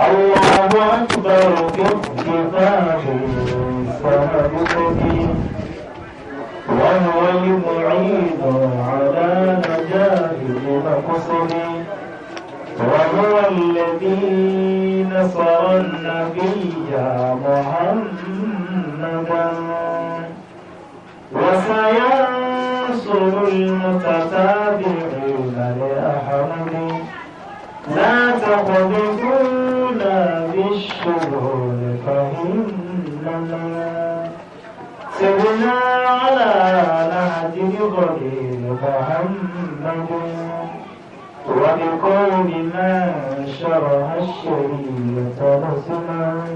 الله أكبر كف باب فمبكي وهو يبعيد على نجاه مقصدي وهو الذي نصر النبي محمدا وسينصر المتتابعين لأحمد لا تقذفن بالشهور فإنما سرنا على نهج الغريب فهمه وبقول ما شرها الشريعة رسما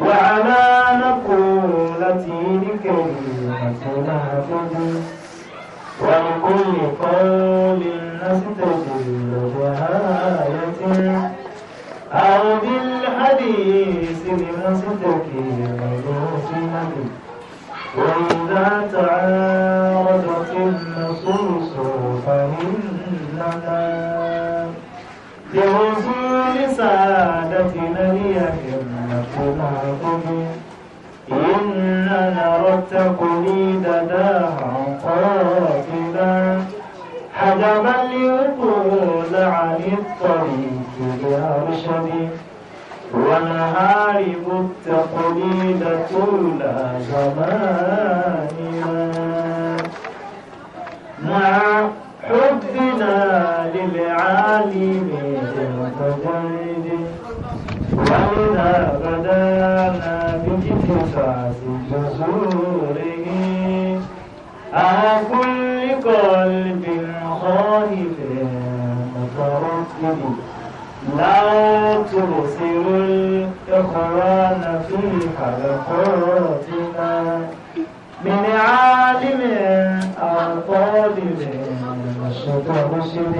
وعلى نقولته لكلمة نهجه ولكل قول نستدل بآية أو بالحديث بمصدق لزوجها وإذا تعارضت النصوص فإنما لوصول سعادتنا ليهمتنا به إننا نرى التقليد داعا قاتلا حجبا ليكون عن الطريق بأرشد والنهار التقليد طول زماننا مع حبنا للعالم المتجرد ولنا بدانا باكتساب جزوره على كل قلب الخالق مترقب لا تبصر الإخوان في حلقاتنا من عالم أو طالب مشطرشد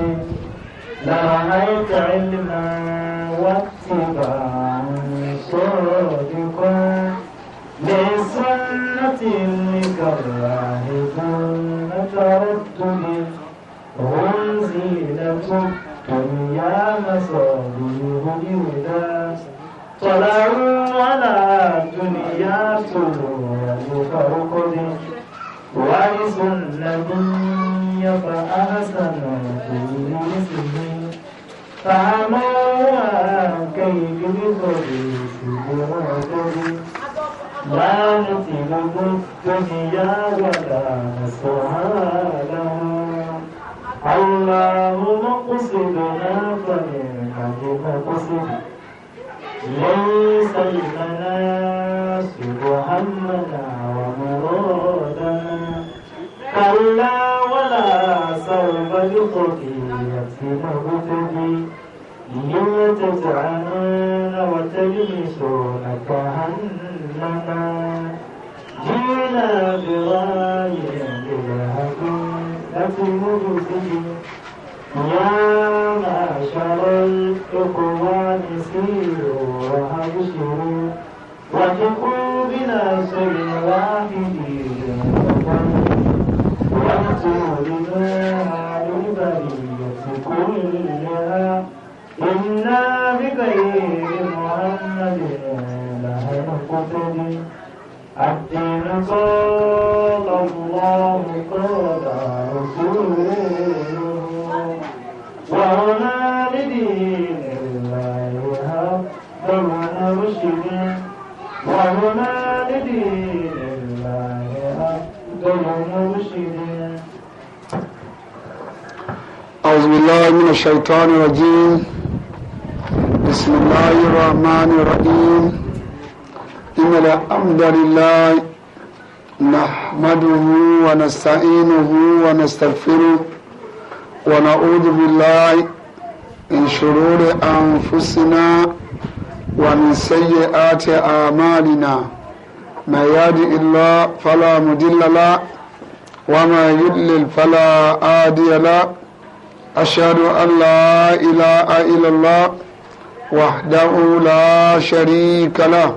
لرأيت علما واتباعا صادقا لسنة لكراهب متردد لكم وإيام فارهبوا إذا طلعوا على الدنيا طلوع فرقد وعز النبي فأحسن كل مسلم فعموا كيف بطريق برادر لا نطلب الدنيا ولا نسعى لها الله مقصدنا فمنك مقصد ليس المناسب همنا ومرادنا كلا ولا سوف يقضي مبتدي يوم تتعنون وتلمسون كهنما جئنا براي الهدي لكم مثله يا معشر الإخوان سيروا وأبشروا وثقوا بناصر واحد واغفروا لنا البرية كلها إنا بغير محمد لها نقتدي الدين قال الله قال وما لدين الله حق ونرشد وما لدين الله حق ونرشد أعوذ بالله من الشيطان الرجيم بسم الله الرحمن الرحيم إن الحمد لله نحمده ونستعينه ونستغفره ونعوذ بالله من شرور أنفسنا ومن سيئات أعمالنا من يهد الله فلا مضل له وما يضلل فلا هادي له أشهد أن لا إله إلا الله وحده لا شريك له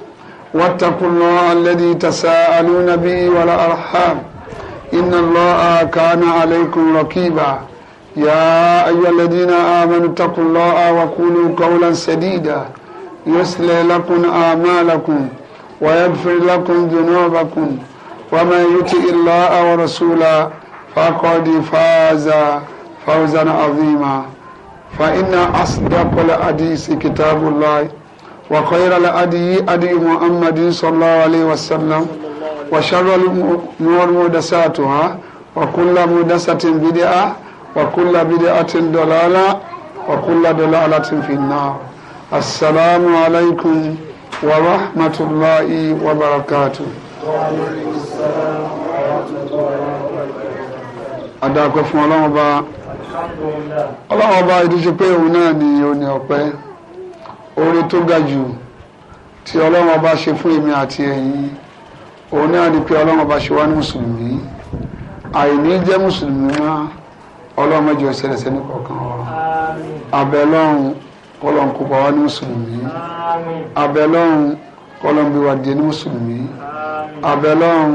واتقوا الله الذي تساءلون به والأرحام إن الله كان عليكم رقيبا يا أيها الذين آمنوا اتقوا الله وقولوا قولا سديدا يسلي لكم أعمالكم ويغفر لكم ذنوبكم ومن يطع الله ورسوله فقد فاز فوزا عظيما فإن أصدق الحديث كتاب الله وخير الأدي أدي محمد صلى الله عليه وسلم وشر الأمور مدساتها وكل مدسة بدعة وكل بدعة ضلالة وكل ضلالة في النار السلام عليكم ورحمة الله وبركاته وعليكم السلام ورحمة الله وبركاته أدعوكم الله أبا الله أبا يدجبه هنا نيوني أبا oore tó ga jù tí ọlọ́run ọba ṣe fún èmi àti ẹ̀yin òun náà ni pé ọlọ́run ọba ṣe wá ní mùsùlùmí àìní jẹ́ mùsùlùmí wá ọlọ́run mẹ́jọ ìṣẹ̀lẹ̀ sẹ́ni kọ̀ọ̀kan wa abẹ́ ọlọ́run kọ́lọ́n kó pa wá ní mùsùlùmí abẹ́ ọlọ́run kọ́lọ́n bí wá di ní mùsùlùmí abẹ́ ọlọ́run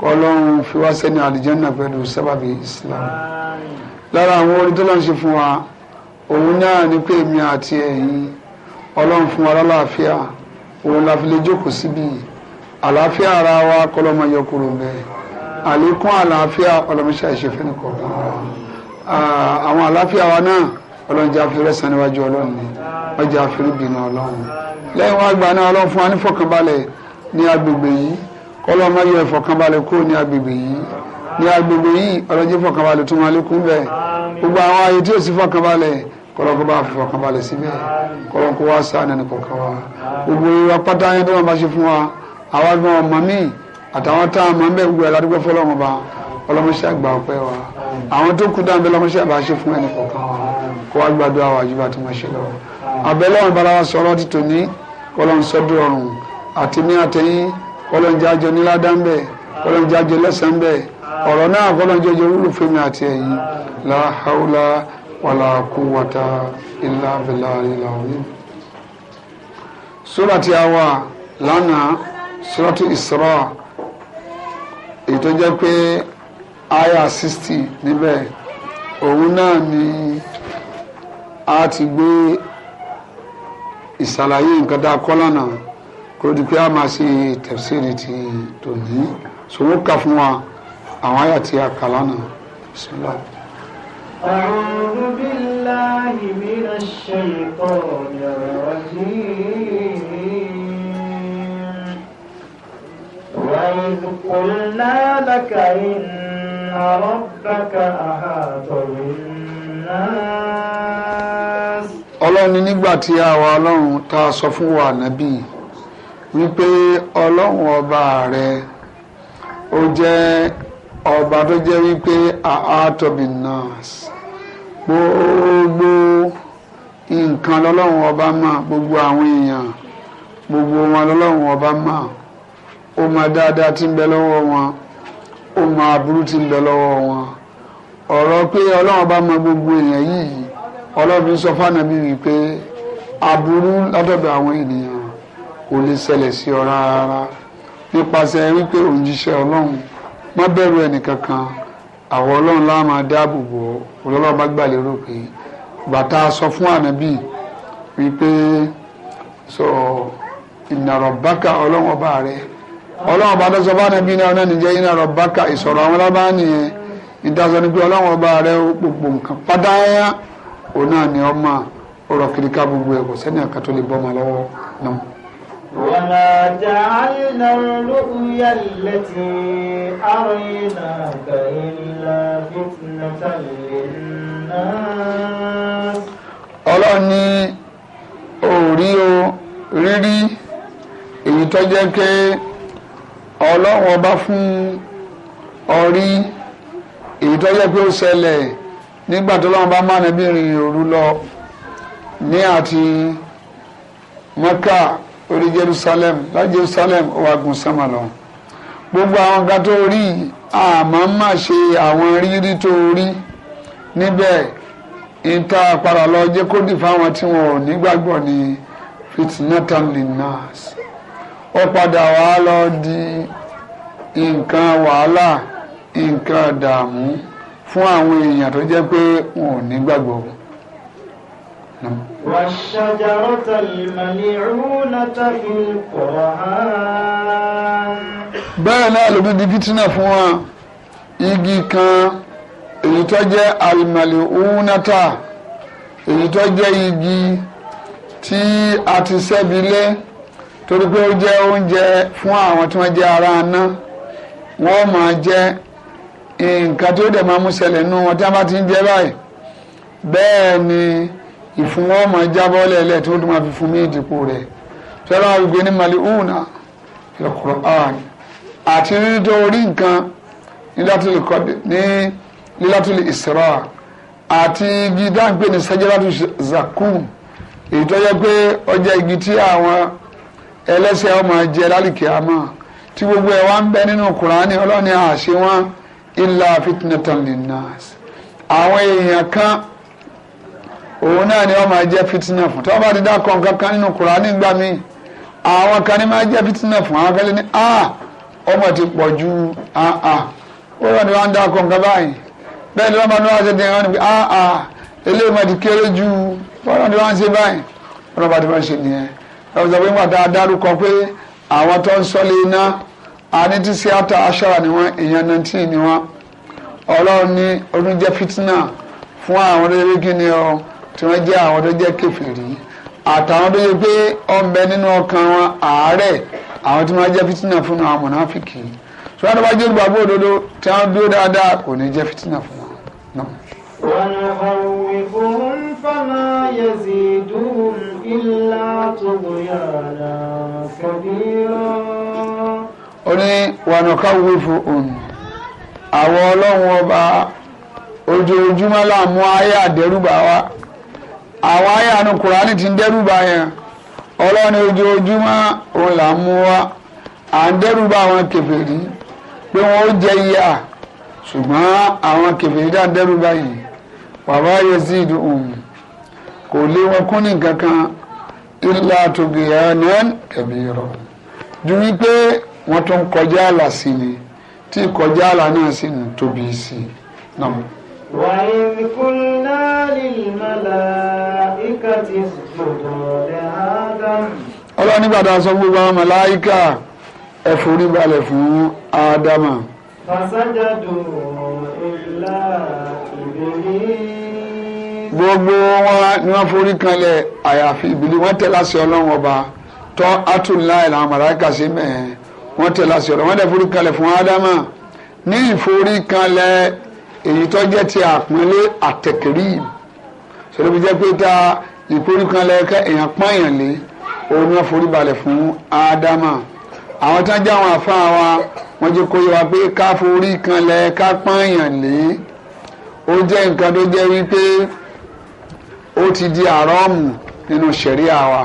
kọ́lọ́n fi wá sẹ́ni àlìjẹ́nà pẹ̀lú sábàbí Islam lára àwọn orin tó lọ́n ṣe fún wa òun náà ni pé èmi àti ẹ̀yin ọlọ́run fún wa lálàáfíà òun la fi lè jókòó síbi àlàáfíà ara wa kọlọ́mọ yọ kúrò bẹ́ẹ̀ àlékún àlàáfíà ọlọ́mọṣẹ́ àìṣẹ́fẹ́ nìkan àwọn àlàáfíà wa náà ọlọ́run jẹ́ àfẹ́rẹ́ san níwájú ọlọ́run ni wọ́n jẹ́ àfẹ́rẹ́ bínú ọlọ́run lẹ́yìn wá gbà náà ọlọ́run fún wa ní fọkànbalẹ̀ ní agbègbè yìí kọlọ́mọ yọ ìfọkànbalẹ̀ kúrò ní agbègbè yìí ní agbègbè yìí ọlọ́jẹ́ fọkànbalẹ̀ tó máa lékún bẹ́ẹ̀ gbogbo àwọn ààyè tí ò sí fọkànbalẹ̀ kọlọ́kọ́ bá fọkàn balẹ̀ síbẹ̀ kọlọ́kọ́ wá sáànà ní kọ̀ọ̀kan wa gbogbo ìwà pátá yẹn tó wọn bá ṣe fún wa àwa gbọ́n ọmọ mi àtàwọn tá a mọ̀ ń bẹ̀ gbogbo ẹ̀ ládùúgbò fọlọ́wọn ba ọlọ́mọṣẹ́ àgbà ọpẹ́ wa àwọn tó kú dáńbẹ́ lọ́mọṣẹ́ àbá ṣe fún ẹnì kọ̀ọ̀kan wa kó wá gbàdúrà wa jù bá tó máa ṣe lọ. àbẹ̀lọ́run bala wa sọ̀rọ̀ ti tò ní kọlọ́n sọ́dọ̀ ọ̀run ní àtẹ̀yìn kọlọ́n bẹ̀ ọ̀rọ̀ wàlá quwwata illa billahi al-azim. sura tí a wà lánàá suratu Isra èyí tó jẹ́ pé aya sixty níbẹ̀ òun náà ni a ti gbé ìsàlàyé nǹkan tá a kọ́ lánàá kó di pé a máa ṣe tẹ̀síìrì ti tòní sòwò kà fún wa àwọn àyà tí a kà lánàá أعوذ بالله من الشيطان الرجيم وإذ قلنا لك إن ربك أحاط بالناس ọlọ́run ní nígbà tí àwa ọlọ́run tá a sọ fún wa nábì wípé ọlọ́run ọba rẹ ó jẹ́ ọba tó jẹ́ wípé àátọ́bì gbogbo nǹkan lọ́lọ́run ọba mọ̀ gbogbo àwọn èèyàn gbogbo wọn lọ́lọ́run ọba mọ̀ ó mọ̀ dáadáa ti ń bẹ lọ́wọ́ wọn ó mọ̀ aburú ti ń bẹ lọ́wọ́ wọn ọ̀rọ̀ pé ọlọ́run ọba mọ̀ gbogbo èèyàn yìí ọlọ́run sọ aburú látọ̀dọ̀ àwọn ènìyàn kò lè ṣẹlẹ̀ sí ọ rárá nípasẹ̀ wípé ọlọ́run má bẹ̀rù kankan. àwọn ọlọ́run láwọn máa dáàbò bò ọlọ́run bá gbà lérò pé bàtà sọ fún ànábì wípé sọ ìnàrọ̀ bákà ọlọ́run ọba rẹ ọlọ́run ọba tó sọ fún ànábì náà náà nìjẹ́ ìnàrọ̀ bákà ìsọ̀rọ̀ àwọn ọlọ́ba nìyẹn ìdásọ ni pé ọlọ́run ọba rẹ gbogbo nǹkan òun náà ni ọmọ ọ̀rọ̀ kiri ká gbogbo وما جعلنا الرؤيا التي أريناك إلا فتنة للناس ọlọ́run ní òrí o rírí èyí tó jẹ́ pé ọlọ́run ọba fún orí èyí tó jẹ́ pé ó ṣẹlẹ̀ nígbà tó lọ́run bá mánà bí rìn òru lọ ní àti mọ́kà orí Jerusalem láti Jerusalem ó wá gun sánmà lọ gbogbo àwọn nǹkan tó rí àmọ́ má ṣe àwọn rírí tó rí níbẹ̀ níta padà lọ jẹ́ kó dì fáwọn tí wọn ò nígbàgbọ́ ni fitnatan linnas ó padà wá lọ di nǹkan wàhálà nǹkan dààmú fún àwọn èèyàn tó jẹ́ pé wọn ò nígbàgbọ́. Nam. No. والشجرة الملعونة في القرآن bẹ́ẹ̀ náà ló di fìtínà fún wa igi kan èyí tó jẹ́ alimaliunata èyí tó jẹ́ igi tí a ti ṣẹ́bi lé torí pé ó jẹ́ oúnjẹ fún àwọn tí wọ́n jẹ́ ara aná wọ́n máa jẹ nǹkan tí ó dẹ̀ máa mú ṣẹlẹ̀ nínú wọn tí wọ́n bá ti ń jẹ báyìí bẹ́ẹ̀ ni ìfun wọn máa jábọ́ lẹ́lẹ́ tí wọ́n tún máa fi fún mí ìdìpò rẹ̀ fẹ́ràn àgbègbè ní maliuna al-Qur'an àti nítorí nǹkan ní lílátúlì Isra àti igi dáńgbé ní sajadatu zakum èyí tó yẹ pé ọjà igi tí àwọn ẹlẹ́sẹ̀ ọmọ jẹ lálìkí àmọ́ tí gbogbo ẹ̀ wá ń bẹ nínú Kùránì ọlọ́ni àṣẹ wọn illa fitnatan linnas àwọn èèyàn kan òun náà ni wọ́n máa jẹ́ fitinẹ fún tí wọ́n bá ti dá kan nínú kùránì gbà mí àwọn kan ní máa jẹ́ fitinẹ fún àwọn kan ní a ọmọ ti pọ ju a ó lọ ni wọn dá kọ nǹkan báyìí bẹ́ẹ̀ ni wọ́n máa ní ṣe a eléyìí máa ti kéré ju wọn ni wọ́n ṣe báyìí wọ́n bá ti máa ṣe nìyẹn sọ pé nígbà tá a dárúkọ pé àwọn tó ń iná àní fún àwọn tí wọ́n jẹ́ àwọn tó jẹ́ kèfèrí àtàwọn tó yẹ pé ọbẹ̀ nínú ọkàn wọn àárẹ̀ àwọn tí wọ́n jẹ́ fìtínà fún àwọn mọ̀nàfìkì tí wọ́n bá jẹ́ olùgbàgbọ́ òdodo tí wọ́n dúró dáadáa kò ní jẹ́ fìtínà fún wọn náà. ونخوفهم فما يزيدهم إلا طغيانا كبيرا. ó ní ونخوفهم àwọn ọlọ́run ọba ojoojúmọ́ làmú ayé àdẹ́rùbà wa àwọn ayé àánú kùránì ti ń dẹ́rù bá yẹn ọlọ́run ojoojúmọ́ òun là ń mú wa à ń dẹ́rù bá àwọn kèfèrí pé wọ́n ó jẹ ìyà ṣùgbọ́n àwọn kèfèrí dá ń dẹ́rù bá yìí bàbá Yazid òun kò lé wọn kún ní nǹkan ilà tóbi ẹnìyàn kẹbi rọ ju wípé wọ́n tún kọjá àlà sí ni tí kọjá àlà náà sì ń tóbi sí i náà. وإذ قلنا للملائكة اسجدوا لآدم ọlọ́run nígbà tá a sọ gbogbo àwọn màláíkà ẹ forí balẹ̀ fún ádámà. fàṣájàdù ìlà ìbílí. gbogbo wọn ni wọ́n forí kanlẹ̀ àyàfi ìbílí wọ́n tẹ̀ láṣẹ ọlọ́run ọba tọ́ atúnláì làwọn màláíkà sí mẹ́ẹ̀ẹ́ wọ́n tẹ̀ láṣẹ ọlọ́run wọ́n tẹ̀ forí kanlẹ̀ fún ádámà ní ìforí kanlẹ̀ èyí tó jẹ́ ti àpọ́nlé àtẹ̀kẹ́rì sọlá fi jẹ́ pé ta ìforíkanlẹ̀ kẹ́ èèyàn pọ́nyàn lé òun náà forí balẹ̀ fún ádámà àwọn tó ń jẹ́ àwọn àfa wa wọ́n jẹ́ kó yẹ pé ká forí kanlẹ̀ ká pọ́nyàn lé ó jẹ́ nǹkan tó jẹ́ wípé ó ti di àrọ́ọ̀mù nínú ṣẹ̀ríà wa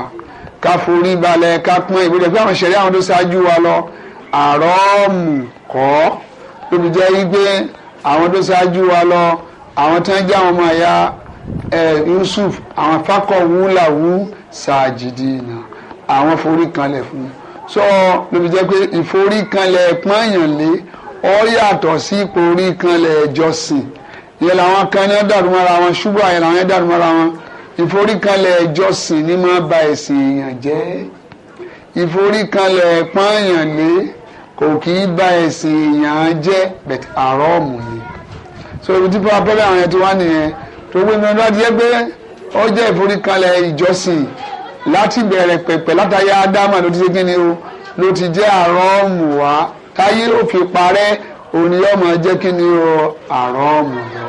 ká forí balẹ̀ ká pọ́n ìbílẹ̀ pé àwọn ṣẹ̀ríà wọn tó ṣáájú wa lọ àrọ́ọ̀mù kọ́ ló fi jẹ́ wípé àwọn tó ṣáájú wa lọ àwọn tó ń jẹ́ àwọn ọmọ ẹ̀yà Yusuf àwọn fakọ̀ wúláwú ṣáàjìdì náà àwọn forí kanlẹ̀ fún so lóbi jẹ́ pé ìforí kanlẹ̀ pọ́nyànlé ó yàtọ̀ sí ìforí kanlẹ̀ ẹ̀jọ̀sìn ìyẹn làwọn kan ní dàrú mọ́ra wọn ṣubú àyẹ̀ làwọn yẹn dàrú mọ́ra wọn ìforíkanlẹ̀ ẹ̀jọ̀sìn ni máa ba ẹ̀sìn èèyàn jẹ́ ìforíkanlẹ̀ pọ́nyànlé kò kì í bá ẹ̀sìn èèyàn jẹ́ bẹ̀t àrọ́ọ̀mù ni so ibi tí bá bẹ́rẹ̀ àwọn yẹn ti wá nìyẹn tó gbé ní ọdún adìyẹ pé ó jẹ́ ìforíkalẹ̀ ìjọsìn láti bẹ̀rẹ̀ pẹ̀pẹ̀ látàyè ádámà ló ti ṣe kíni o ló ti jẹ́ àrọ́ọ̀mù wá táyé ó parẹ́ òun ni jẹ́ kíni o àrọ́ọ̀mù lọ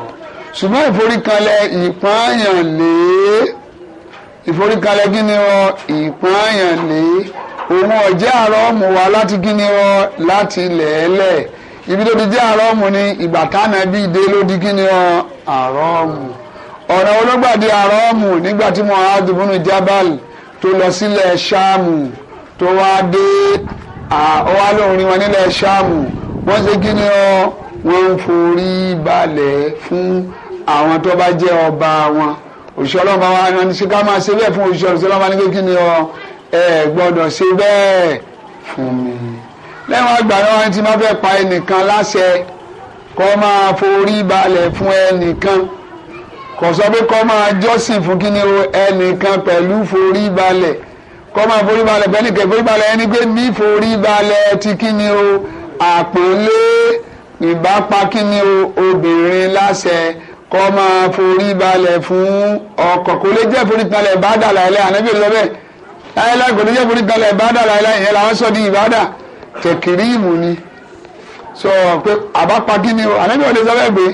ṣùgbọ́n ìforíkalẹ̀ ìpáàyàn lé ìforíkalẹ̀ kíni o ìpáàyàn lé òun ọ̀jẹ́ àrọ́ọ̀mù wa láti kí ni ọ láti lẹ̀ẹ́lẹ̀ ibi tó ti jẹ́ àrọ́ọ̀mù ni ìgbà tánà bí ìdè ló di kí ni ọ àrọ́ọ̀mù ọ̀nà ológbàdì àrọ́ọ̀mù nígbà tí Mu'adh ibn Jabal tó lọ sílẹ̀ ṣáàmù tó wá dé ọwá lóhùn wọn nílẹ̀ ṣáàmù wọ́n ṣe kí ni ọ wọ́n ń forí balẹ̀ fún àwọn tó bá jẹ́ ọba wọn òṣìṣẹ́ ọlọ́run bá wà ní ṣe ká máa ṣe bẹ́ẹ̀ fún òṣìṣẹ́ ọlọ́run bá ní kékeré ọ ẹ gbọ́dọ̀ ṣe bẹ́ẹ̀ fún mi. lẹ́wọ̀n àgbà náà wọ́n ti máa fẹ́ pa ẹnìkan láṣẹ kó máa forí balẹ̀ fún ẹnìkan kò sọ pé kó máa jọ́sìn fún kíni o ẹnìkan pẹ̀lú forí balẹ̀ kó máa forí balẹ̀ pẹ̀lú kẹ̀ forí balẹ̀ ẹni pé mi forí balẹ̀ ti kíni o àpọ́nlé ìbápa kíni o obìnrin láṣẹ kó máa forí balẹ̀ fún ọkọ kò lè jẹ́ forí balẹ̀ bá dàlà ẹlẹ́ ànábì lọ́bẹ̀ẹ́ láyéláyé kò ní jẹ́ forí ibada ìbádà láyéláyé yẹn làwọn sọ ní ìbádà tẹ̀kìrìmù ni sọ pé àbápa ni o àlẹ́ mi ò lè sọ bẹ́ẹ̀ pé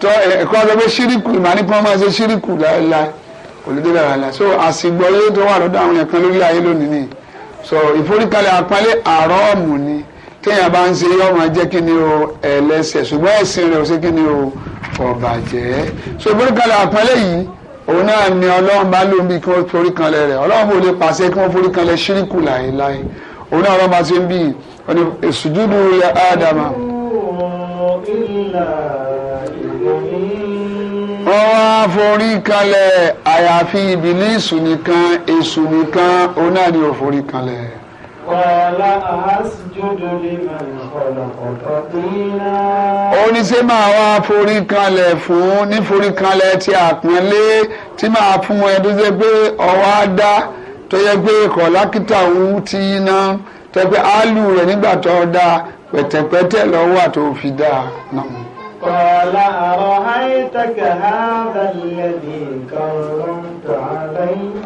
tọ ẹ̀kọ́ sọ pé ṣíríkù ìmàní kí wọ́n máa ṣe ṣíríkù láéláyé kò lè dé so àsìgbọ́yé tó wà lọ́dọ̀ àwọn yẹn kan lórí ayé lónìí ni so ìforíkalẹ̀ àpọ́nlé àrọ́ọ̀mù ni téèyàn bá ń ṣe yọ máa jẹ́ kí ni o ẹlẹ́sẹ̀ ṣùgbọ́n ẹ̀sìn rẹ̀ ò ṣe kí ni o kò bàjẹ́ so ìforíkalẹ̀ àpọ́nlé yìí òun náà ni ọlọ́run bá lóun bí kí wọ́n forí kanlẹ̀ rẹ̀ ọlọ́run bò lè pàṣẹ kí wọ́n forí kanlẹ̀ ṣíríkù láéláé òun náà ọlọ́run bá ti ń bí ọ̀nà ìsùjúdù ya ádámà. wọ́n wá forí kanlẹ̀ àyàfi ìbílísù nìkan èṣù nìkan òun náà ni ò forí kanlẹ̀ ó ní ṣé máa wá forí kanlẹ̀ fún níforí kanlẹ̀ tí àpọ́nlé tí máa fún ẹ tó jẹ́ pé ọwọ́ á dá tó yẹ pé kọ̀lákítà òun ti iná tó yẹ pé áálù rẹ̀ nígbà tó dáa pẹ̀tẹ̀pẹ̀tẹ̀ lọ́wọ́ àti òfin dáa náà. قال أرأيتك هذا الذي كرمت عليه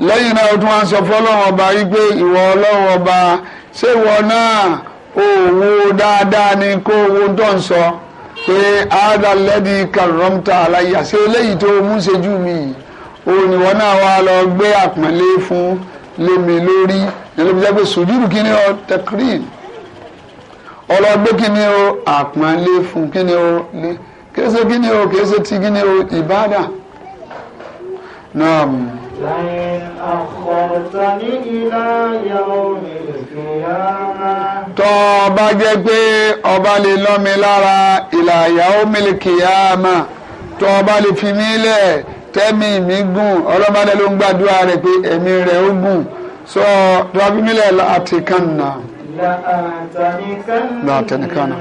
lẹ́yìn náà ó tún wá ń sọ fọlọ́run ọba yìí pé ìwọ ọlọ́run ọba ṣé ìwọ náà ò wo dáadáa ni kó wo tó ń sọ pé ádàlẹ́dì kàrọ́mta aláyà ṣé eléyìí tó mú ṣojú mi òun ìwọ náà wá lọ gbé àpọ́nlé fún lémi lórí nílùú jẹ́ pé sùjúrù kíní ọ tẹkírìn ọlọ́gbé kíní o àpọ́nlé fún kíní o kése kíní o kése ti kíní o ìbádà náà tọ́ ọ bá jẹ́ pé ọba lè lọ́ mi lára ìlàyà ó mílíkì yá mà tọ́ ọ bá lè fi mí lẹ̀ tẹ́mi mi gùn ọlọ́mọdé ló ń gbàdúrà rẹ̀ pé ẹ̀mí rẹ̀ ó gùn sọ tọ́ ọ mi lẹ̀ láti kàn náà. láàtẹnikànnà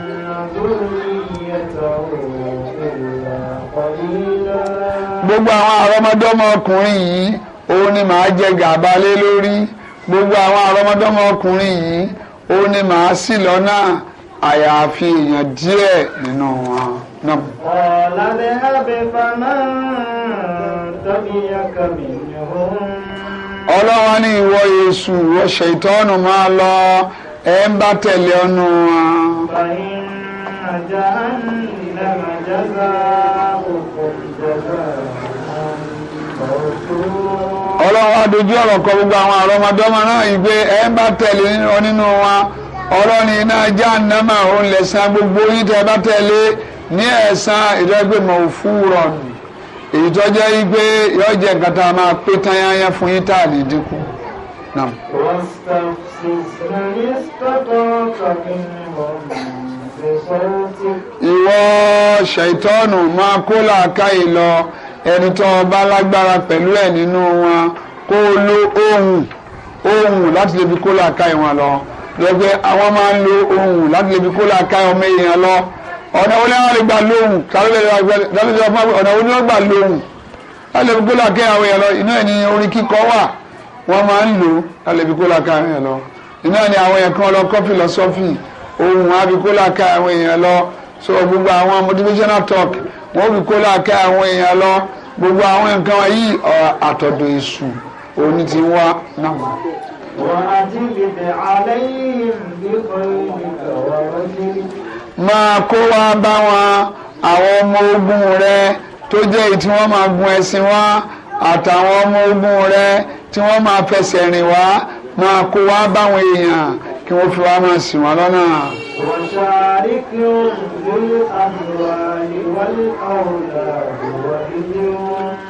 gbogbo àwọn àrọ́mọdọ́mọ ọkùnrin yìí òun ni màá jẹ gàba lé lórí gbogbo àwọn àrọ́mọdọ́mọ ọkùnrin yìí òun ni màá ṣì lọ́nà àyàfi èèyàn díẹ̀ nínú wọn náà. ọ̀làdé àbẹ̀ fàmà tàbí akami ìhòòhùn. ọlọ́wọ́ ní ìwọ Èṣù ìwọ Ṣẹ̀tánù máa lọ ẹ̀ ń bá tẹ̀lé ọ̀nù wọn. fàyín àjà ń جهنم جزاؤكم جزاء ọlọ́run gbogbo àwọn àrọ́mọdọ́mọ náà yìí pé ẹ bá tẹ̀lé nínú wa ọlọ́run iná jahannama òun gbogbo yín bá tẹ̀lé ní ẹ̀san ìrẹ́gbẹ̀mọ̀ òfúrọ̀ èyí tó jẹ́ yìí pé yọ fún tá ìwọ ṣètọ́nù máa kó làákàyè lọ ẹni tó bá lágbára pẹ̀lú ẹ̀ nínú wọn kó o lo ohùn ohùn láti lè fi kó làákàyè wọn lọ lọ́gbẹ́ àwọn máa ń lo ohùn láti lè fi kó làákàyè ọmọ èèyàn lọ ọ̀nà wo ni wọ́n lè gbà lóhùn ọ̀nà wo ni wọ́n gbà lóhùn láti lè fi kó làákàyè àwọn èèyàn lọ inú ẹ̀ ní orin kíkọ wà wọ́n máa ń lò láti lè fi kó làákàyè àwọn èèyàn lọ inú ẹ̀ ní àwọn èèyàn lọ kọ́fì lọ sọ́fì ohun abikola ká àwọn èèyàn lọ so gbogbo àwọn motivational talk wọn ò bikólà ká àwọn èèyàn lọ gbogbo àwọn nǹkan wọ̀nyí àtọ̀dọ̀ èṣù òní ti wá náà. máa kó wá bá wọn àwọn ọmọ ogun rẹ tó jẹ́ èyí tí wọ́n máa gun ẹṣin wá àtàwọn ọmọ ogun rẹ tí wọ́n máa fẹsẹ̀ rìn wá máa kó wá báwọn èèyàn kí wọ́n fi wá máa sìn wá lọ́nà.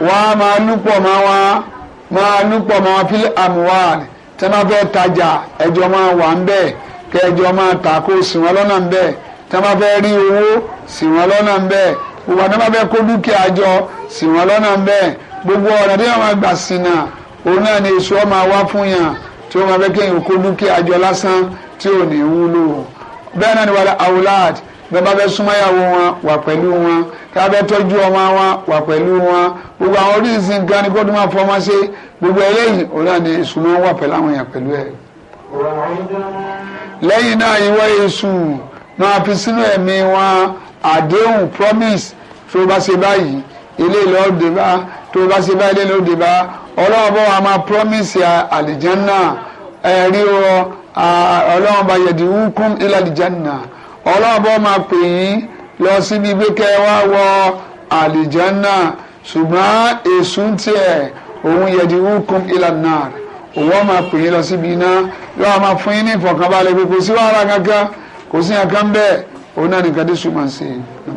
wọ́n á máa lúpọ̀ máa wá máa lúpọ̀ máa fi àmúwáàdì tẹ́ máa fẹ́ tajà ẹjọ́ máa wà ń bẹ́ẹ̀ kẹ́ ẹjọ́ máa tà kó sìn wá lọ́nà ń bẹ́ẹ̀ tẹ́ máa fẹ́ rí owó sìn wá lọ́nà ń bẹ́ẹ̀ gbogbo àti máa fẹ́ kó dúkìá jọ sìn wá lọ́nà ń bẹ́ẹ̀ gbogbo ọ̀nà tí wọ́n máa gbà sìn náà òun náà ni èso máa tí wọ́n máa fẹ́ kí èèyàn kó dúkìá jọ lásán tí ò ní wúlò bẹ́ẹ̀ náà ni wàlẹ̀ awolad bẹ́ẹ̀ bá fẹ́ súnmọ́yàwó wọn wà pẹ̀lú wọn tá a fẹ́ tọ́jú ọmọ wọn wà pẹ̀lú wọn gbogbo àwọn oríṣi nǹkan ni kóòtù máa fọmọ ṣe gbogbo eléyìí òun náà ni ìsúná wà pẹ̀lú àwọn èèyàn pẹ̀lú ẹ̀. lẹ́yìn náà ìwọ èṣù náà fi sínú ẹ̀mí wọn àdéhùn promise tó bá ṣe báyìí ilé ìlọ́ọ̀dẹ́ tó bá ṣe báyìí lẹ́nu òde bá ọlọ́run bọ́ wa máa promise àlìjánná ẹ̀rí ọ ọlọ́run bá yẹ̀dì wúkún ilẹ̀ àlìjánná ọlọ́run bọ́ máa pè yín lọ síbi gbé kẹ́ wá wọ àlìjánná ṣùgbọ́n èṣù tiẹ̀ òun yẹ̀dì wúkún ilẹ̀ náà òun máa pè yín lọ síbi iná yóò máa fún yín ní ìfọ̀kànbalẹ̀ pé kò sí wàhálà kankan kò sí yàn kan bẹ́ẹ̀ òun náà nìkan dé ṣùgbọ́n sí i.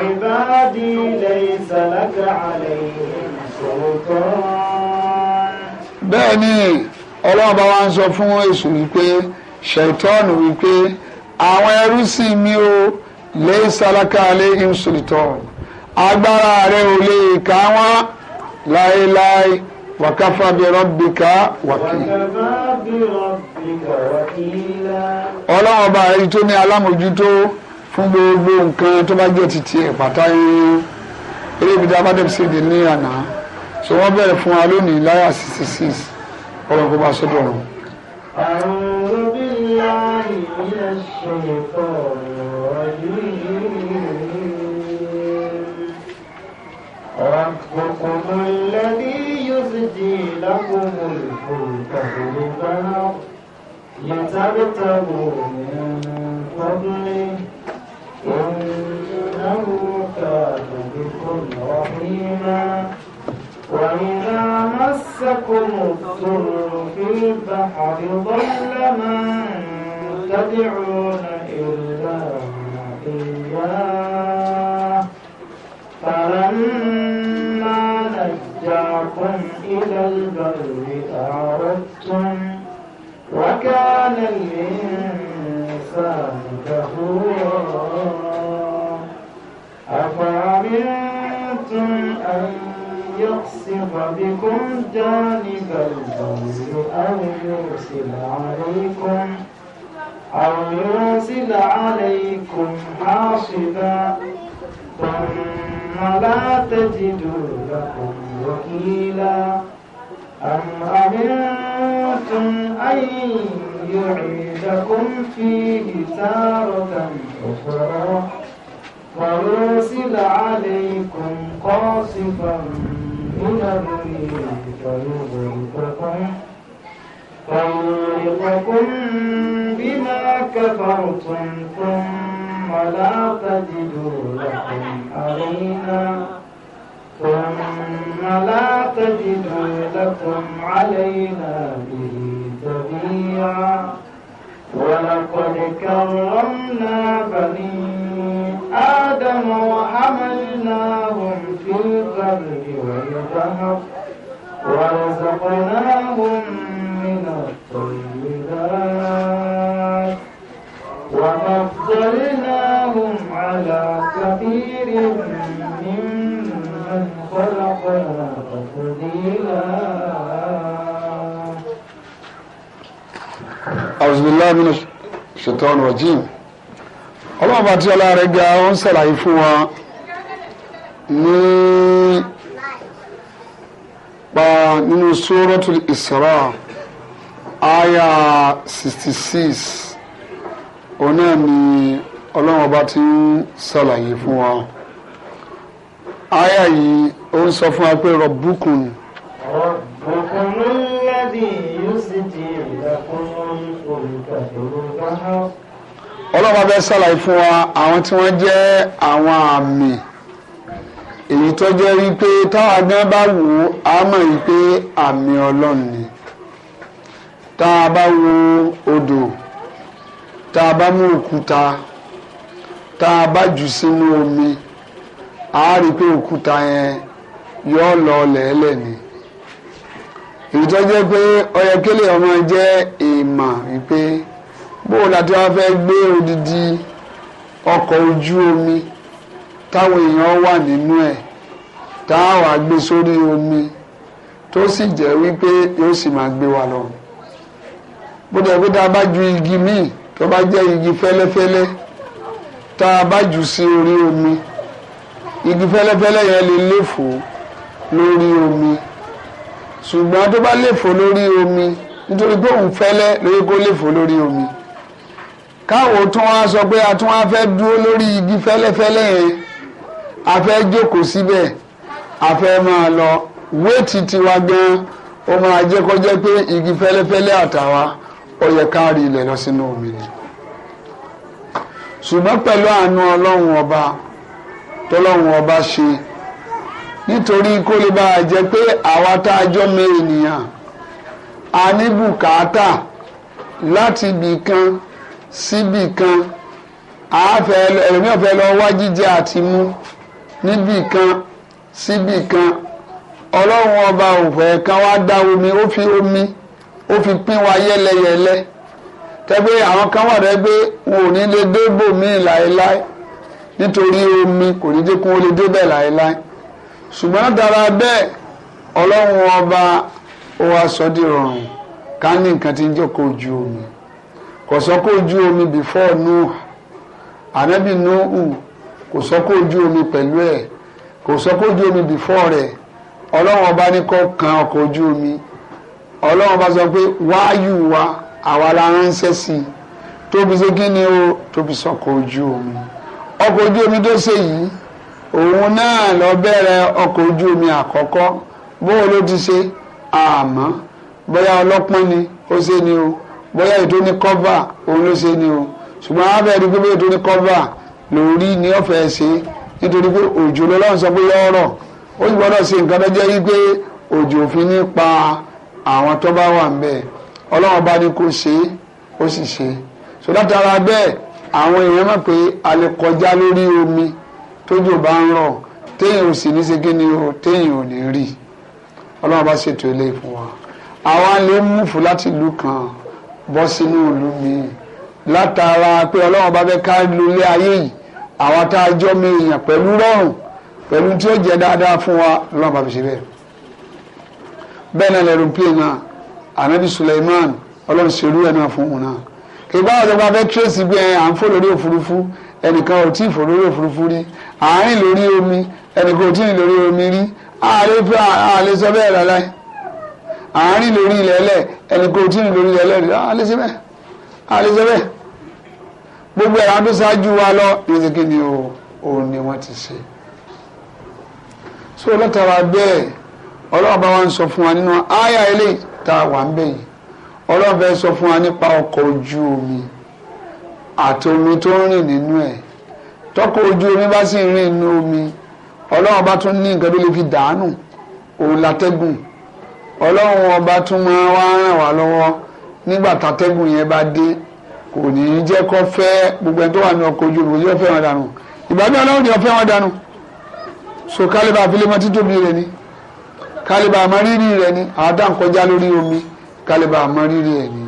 عبادي ليس لك عليهم سلطان بأني ni ọlọ́run bá wa ń sọ fún èṣù wípé ṣètọ́nù wípé àwọn ẹrú sì mi ò lè sálákà lé insulitọ́ agbára rẹ ò lè kà wọ́n láéláé wàkàfà bí rọ́bìkà wàkì. ọlọ́run ọba èyí tó ní alámòjútó fún gbogbo nǹkan tó bá jẹ́ títí ẹ̀ pátá eléyìí tá a sí èdè ní àná so wọ́n bẹ̀rẹ̀ fún wa lónìí láyà sixty six ọ̀rọ̀ kó bá sọ́dọ̀ ọ̀run. أعوذ الذي يزجي لكم الفلك في البحر لتبتغوا من فضله إنه كان بكم رحيما وإذا مسكم الضر في البحر ضل تدعون إلا إياه فلما نجاكم إلى البر أعرضتم وكان الإنسان هو أفأمنتم أن يخسف بكم جانب البر أو يرسل عليكم أو يرسل عليكم حاصبا ثم لا تجدوا لكم وكيلا أم أمنتم أن ليعيدكم فيه تارة أخرى ويرسل عليكم قاصفا من الريح فيغرقكم فيغرقكم بما كفرتم ثم لا تجدوا لكم علينا ثم لا تجدوا لكم علينا به تبيعا ولقد كرمنا بني آدم وحملناهم في البر والبحر ورزقناهم àzùbílá mi ṣètò ọ̀nà ọ̀jìn ọlọ́run bá tí ọlá rẹ̀ ga ó ń ṣàlàyé fún wọn ní pa nínú suratul Isra aya sixty six ni ọlọ́run ọba ti ń ṣàlàyé fún wọn aya yìí ó ń sọ fún wa pé rọ̀bùkùn. ọlọ́run abẹ́ sàlàyé fún wa àwọn tí wọ́n jẹ́ àwọn àmì èyí tó jẹ́ wípé táwa gan bá wò ó a mọ̀ wípé àmì ọlọ́run ni tá a bá wo odò tá a bá mú òkúta tá a bá jù sínú omi a rí pé òkúta yẹn yóò lọ lẹ́ẹ̀lẹ̀ ni èyí tó jẹ́ pé ó yẹ kí lè ọmọ jẹ́ ìmọ̀ wípé. bóun láti wá fẹ́ gbé odidi ọkọ̀ ojú omi táwọn èèyàn wà nínú ẹ̀ wà gbé sórí omi tó sì jẹ́ wípé yóò sì máa gbé wa lọ. bó dẹ̀ pé tá bá ju igi míì tó bá jẹ́ igi fẹ́lẹ́fẹ́lẹ́ tá a bá jù omi igi fẹ́lẹ́fẹ́lẹ́ yẹn lè léfò omi ṣùgbọ́n tó bá léfò omi nítorí pé òun fẹ́lẹ́ lórí kó léfò omi. káwọn tún wá sọ pé a tún wá fẹ́ dúró lórí igi fẹ́lẹ́fẹ́lẹ́ yẹn a fẹ́ jókòó síbẹ̀ a fẹ́ máa lọ wéètì tiwa gan ó máa jẹ́ kó jẹ́ pé igi fẹ́lẹ́fẹ́lẹ́ àtàwa ó yẹ ká rí ilẹ̀ lọ sínú omi ni ṣùgbọ́n pẹ̀lú àánú ọlọ́run ọba tọ́lọ́run ọba ṣe nítorí kó lè bá jẹ́ pé àwa tá a jọ mọ ènìyàn a ní bùkátà láti bì kan síbì kan àáfẹ́ ẹlòmíì ọ̀fẹ́ lọ wá jíjẹ àti mú níbì kan síbì kan ọlọ́run ọba òfẹ́ kan wá dá omi ó fi omi ó fi pín wa yẹ́lẹyẹ̀lẹ tẹ́gbẹ́ àwọn kan wà rẹ́gbẹ́ wọn ò ní lè dé bòmíì láéláé nítorí omi kò ní jẹ́ kí wọ́n lè dé bẹ́ẹ̀ láéláé ṣùgbọ́n dára bẹ́ẹ̀ ọlọ́run ọba ó wá sọ di rọrùn ká ní nǹkan tí ń jókòó ju omi kò sọ kó ojú omi before Nuh ànábì Nuhu kò sọ kó ojú omi pẹ̀lú ẹ̀ kò sọ kó ojú omi before rẹ̀ ọlọ́run ọba ní kó kan ọkọ̀ ojú omi ọlọ́run ọba sọ pé wáyù wa àwa la ránṣẹ́ sí i tóbi ṣe kí o tóbi sọkọ̀ ojú omi ọkọ̀ ojú omi tó ṣe yìí òun náà lọ bẹ̀rẹ̀ ọkọ̀ ojú omi àkọ́kọ́ bóun ló ti ṣe àmọ́ bóyá ọlọ́pọ́n ni ó ṣe ni o bóyá ètò ní kọ́fà òun ló ṣe ni o ṣùgbọ́n àwọn abẹ́rẹ́ pé ètò ní kọ́fà lórí ni ó fẹ́ ṣe nítorí pé òjò lọ́lọ́run sọ pé yọ̀ọ̀rọ̀ ó sì gbọ́dọ̀ ṣe nǹkan tó jẹ́ wípé òjò fi ní pa àwọn tó bá wà ńbẹ̀ ọlọ́run bá ní kó ṣe ó sì ṣe so látara bẹ́ẹ̀ àwọn èèyàn mọ̀ pé a lè kọjá lórí omi tójò bá ń rọ̀ téèyàn ò sì ní ṣe kí ni o téèyàn ò ní rí ọlọ́run bá ṣètò eléyìí fún wa àwa lè mú fún láti ìlú kan bọ́ sínú ìlú mi látara pé ọlọ́run bá fẹ́ ká lulẹ̀ ayé yìí àwọn tá a jọ mi èèyàn pẹ̀lú rọrùn pẹ̀lú tí ó jẹ́ dáadáa fún wa ọlọ́run bá fi ṣe bẹ́ẹ̀ bẹ́ẹ̀ náà lẹ́rù pé náà anabi Suleiman ọlọ́run ṣerú ẹ̀ náà fún òun náà ìgbà wọn sọgbà fẹ́ tírèsì gbé ẹ à ń fò lórí òfurufú ẹnìkan ò tí ì fò lórí òfurufú rí àárín lórí omi ẹnìkan ò tí ì lórí omi rí àárẹ̀ fẹ́ àlẹ́ sọ bẹ́ẹ̀ rárá àárín lórí ilẹ̀ ẹlẹ̀ ẹni kò tí ń lórí ilẹ̀ ẹlẹ̀ rẹ̀ ah, alẹ́ sẹ́bẹ̀ alẹ́ sẹ́bẹ̀ gbogbo ẹ̀rọ tó ṣáájú wa lọ ìrìnsè ni òun ni wọ́n ti ṣe. so lọ́tara bẹ́ẹ̀ ọlọ́run bá wa ń sọ fún wa nínú àyà ilé tá a wà ń bẹ̀ yìí ọlọ́run bẹ́ẹ̀ sọ fún wa nípa ọkọ̀ ojú omi àti omi tó ń rìn nínú ẹ̀ tọ́kọ̀ ojú omi bá sì rìn nínú omi ọlọ́run bá tún ní nǹkan tó lè fi dàánù òun látẹ́gùn ọlọ́run ọba tún máa wá ràn wá lọ́wọ́ nígbà tàtẹ́gùn yẹn bá dé kò ní í jẹ́ kó fẹ́ gbogbo ẹni tó wà ní ọkọ̀ ojú omi kò ní ọ̀fẹ́ wọn dànù ìgbàgbé ọlọ́run ní ọ̀fẹ́ wọn dànù so kálíbà àfilémọ́ títóbi rẹ̀ ni kálíbà àmọ́rírì rẹ̀ ni àádá ń kọjá lórí omi kálíbà àmọ́rírì ẹ̀ ni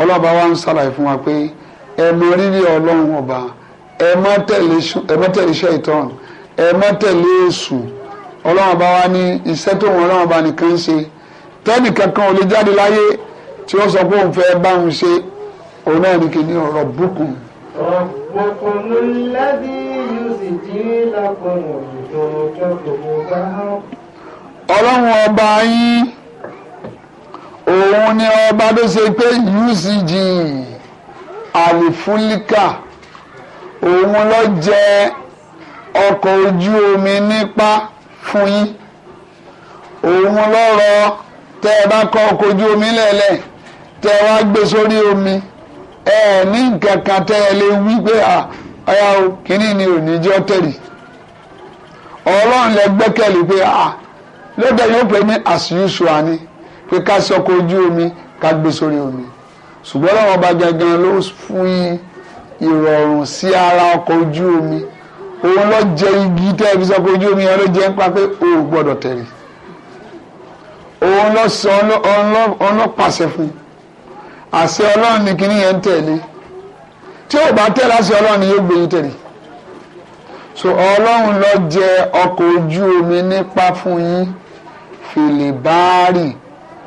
ọlọ́ba wa ń ṣàlàyé fún wa pé ẹ mọ rírì ọlọ́run ọba ẹ mọ́ tẹ̀lé iṣẹ́ ìtọ́n ẹ mọ́ tẹ̀lé èṣù ọlọ́run ọba wa ní iṣẹ́ tó wọn ọlọ́run ọba nìkan ń ṣe tẹ́nì kankan ò lè jáde láyé tí ó sọ pé òun fẹ́ bá òun ṣe òun náà ní kíní ọ̀rọ̀ bùkún. ربكم الذي يزجي لكم ọlọ́run ọba yín òun ni ọba tó ṣe pé ucg àlìfúnlíkà òun ló jẹ ọkọ̀ ojú omi nípa fún yín òun ló rọ tẹ́ ẹ bá kọ́ ọkọ̀ ojú omi lẹ́lẹ̀ tẹ́ ẹ wá gbé sórí omi ẹ ní nǹkan kan tẹ́ ẹ lè wí pé ọ̀yà o kínní ni ò ní jọ́ tẹ̀lé ọlọ́run lẹ gbẹ́kẹ̀lé pé lọ́dọ̀ yóò pè ní as usual ni pé ká sọ ọkọ̀ ojú omi ká gbé sórí omi ṣùgbọ́n làwọn ọba gangan ló fún yín ìrọ̀rùn sí ara ọkọ̀ ojú omi òun ló jẹ igi tẹ́ ẹ fi sọ ọkọ̀ ojú omi yẹn ló jẹ ń pa pé o ò tẹ̀lé òun lọ sọ ọlọ́pàṣẹ fún àṣẹ ọlọ́run ní kíní yẹn ń tẹ̀lé tí ò bá tẹ̀lé àṣẹ ọlọ́run ni yóò gbé yín so ọlọ́run ló jẹ ọkọ̀ ojú omi nípa fún yín fìlìbárì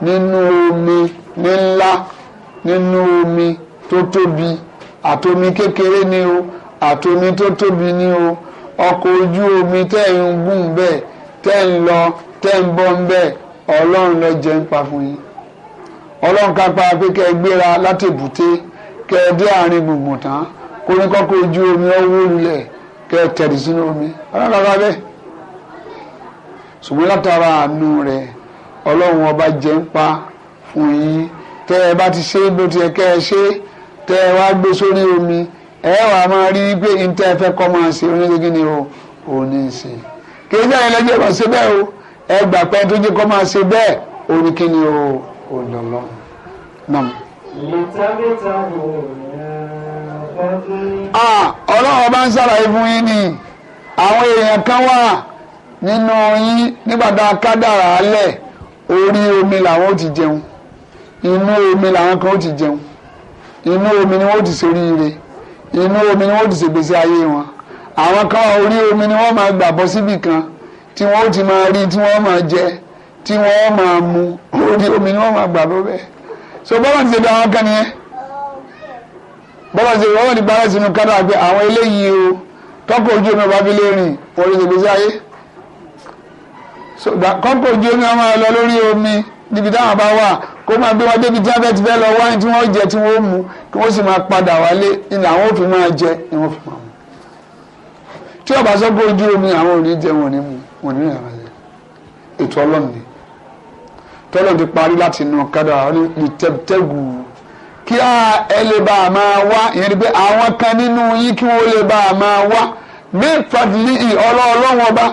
nínú omi nílá nínú omi tó tóbi àtomi kékeré ni o àtomi tó tóbi ni o ọkọ̀ ojú omi tẹ́ ń gùn bẹ́ẹ̀ tẹ́ ń lọ tẹ́ ń bọ́ ń ọlọ́run lọ jẹ́ ń pa fún yín ọlọ́run ká pa pé kẹ́ ẹ gbéra látèbúté kẹ́ ẹ dé àárín gbùngbùn tán kó ní kọ́kọ́ ojú omi ọwọ́ lulẹ̀ kẹ́ ẹ tẹ̀lé sínú omi ọlọ́run pa bẹ́ẹ̀ ṣùgbọ́n látara àánú rẹ̀ ọlọ́run ọba jẹ́ ń pa fún yín tẹ́ ẹ bá ti ṣe bó ti kẹ́ ẹ ṣe tẹ́ ẹ wá gbé sórí omi ẹ wà máa rí pé n tẹ́ ẹ fẹ́ kọ́ máa ṣe oníṣègùn ni o ò ní ṣe kí ẹ jẹ́ ẹ lẹ́jọ́ bẹ́ẹ̀ o. ẹ gbà pé tó jẹ́ kó máa ṣe bẹ́ẹ̀ orí kí ni o ò lọ lọ. ọlọ́run bá ń ṣàlàyé fún yín ni àwọn èèyàn kan wà nínú yín nígbà tá a kádàrá lẹ̀ orí omi làwọn ó ti jẹun inú omi làwọn kan ó ti jẹun inú omi ni wọ́n ó ti ṣe oríire inú omi ni wọ́n ó ti ṣègbésí ayé wọn àwọn kan orí omi ni wọ́n máa gbà bọ́ síbì kan tí wọ́n ó ti máa rí tí wọ́n máa jẹ tí wọ́n máa mu orí omi ni wọ́n máa gbà ló bẹ́ẹ̀ so bọ́lá ti ṣe bí àwọn kan yẹn bọ́lá ti ṣe bí wọ́n ti gbára sínú kádà pé àwọn eléyìí o tọ́kọ̀ ojú omi ọba fi lè rìn wọ́n lè ṣègbésí ayé kọ́kọ́ ojú omi wọn máa lọ lórí omi níbi táwọn bá wà kó máa gbé wọn débi tí wọn fẹ́ ti fẹ́ lọ wáyé tí wọ́n jẹ tí wọ́n mu kí wọ́n sì máa padà wálé ni àwọn òfin máa jẹ ni wọ́n fi máa mu tí ọba sọ́kọ́ ojú omi àwọn ò ní jẹ wọn ní mu wọn ní ìyàrá ah, yẹn ètò ọlọ́run ni tọ́lọ́run ti parí láti inú kádà ní tẹ́gù kí ẹ lè bá a máa wá ìyẹn ni pé àwọn kan nínú yín kí wọ́n lè bá a máa wá ní fàtìlì ọlọ́ọ̀lọ́wọ́n ọba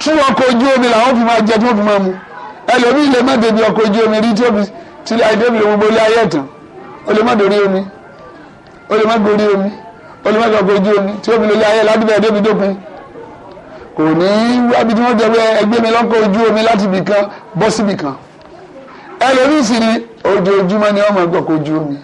tí wọn kọ ojú omi làwọn fi máa jẹ tí wọn fi máa mu ẹlòmíì lè má débi ọkọ̀ ojú omi rí tí ó fi tí àìdébìlì gbogbo ilé ayé ẹ̀tàn ó lè má dórí omi ó lè má gorí omi ó lè má dọ̀kọ̀ ojú omi tí ó lè lé ayé ládùúgbò ẹ̀dẹ́bi dópin kò ní wábi tí wọ́n jẹ pé ẹgbẹ́ mi lọ́kọ̀ ojú omi láti ibì kan bọ́ síbì kan ẹlòmíì sì ni ojoojúmọ́ ni wọ́n máa gbọ́ kó ojú omi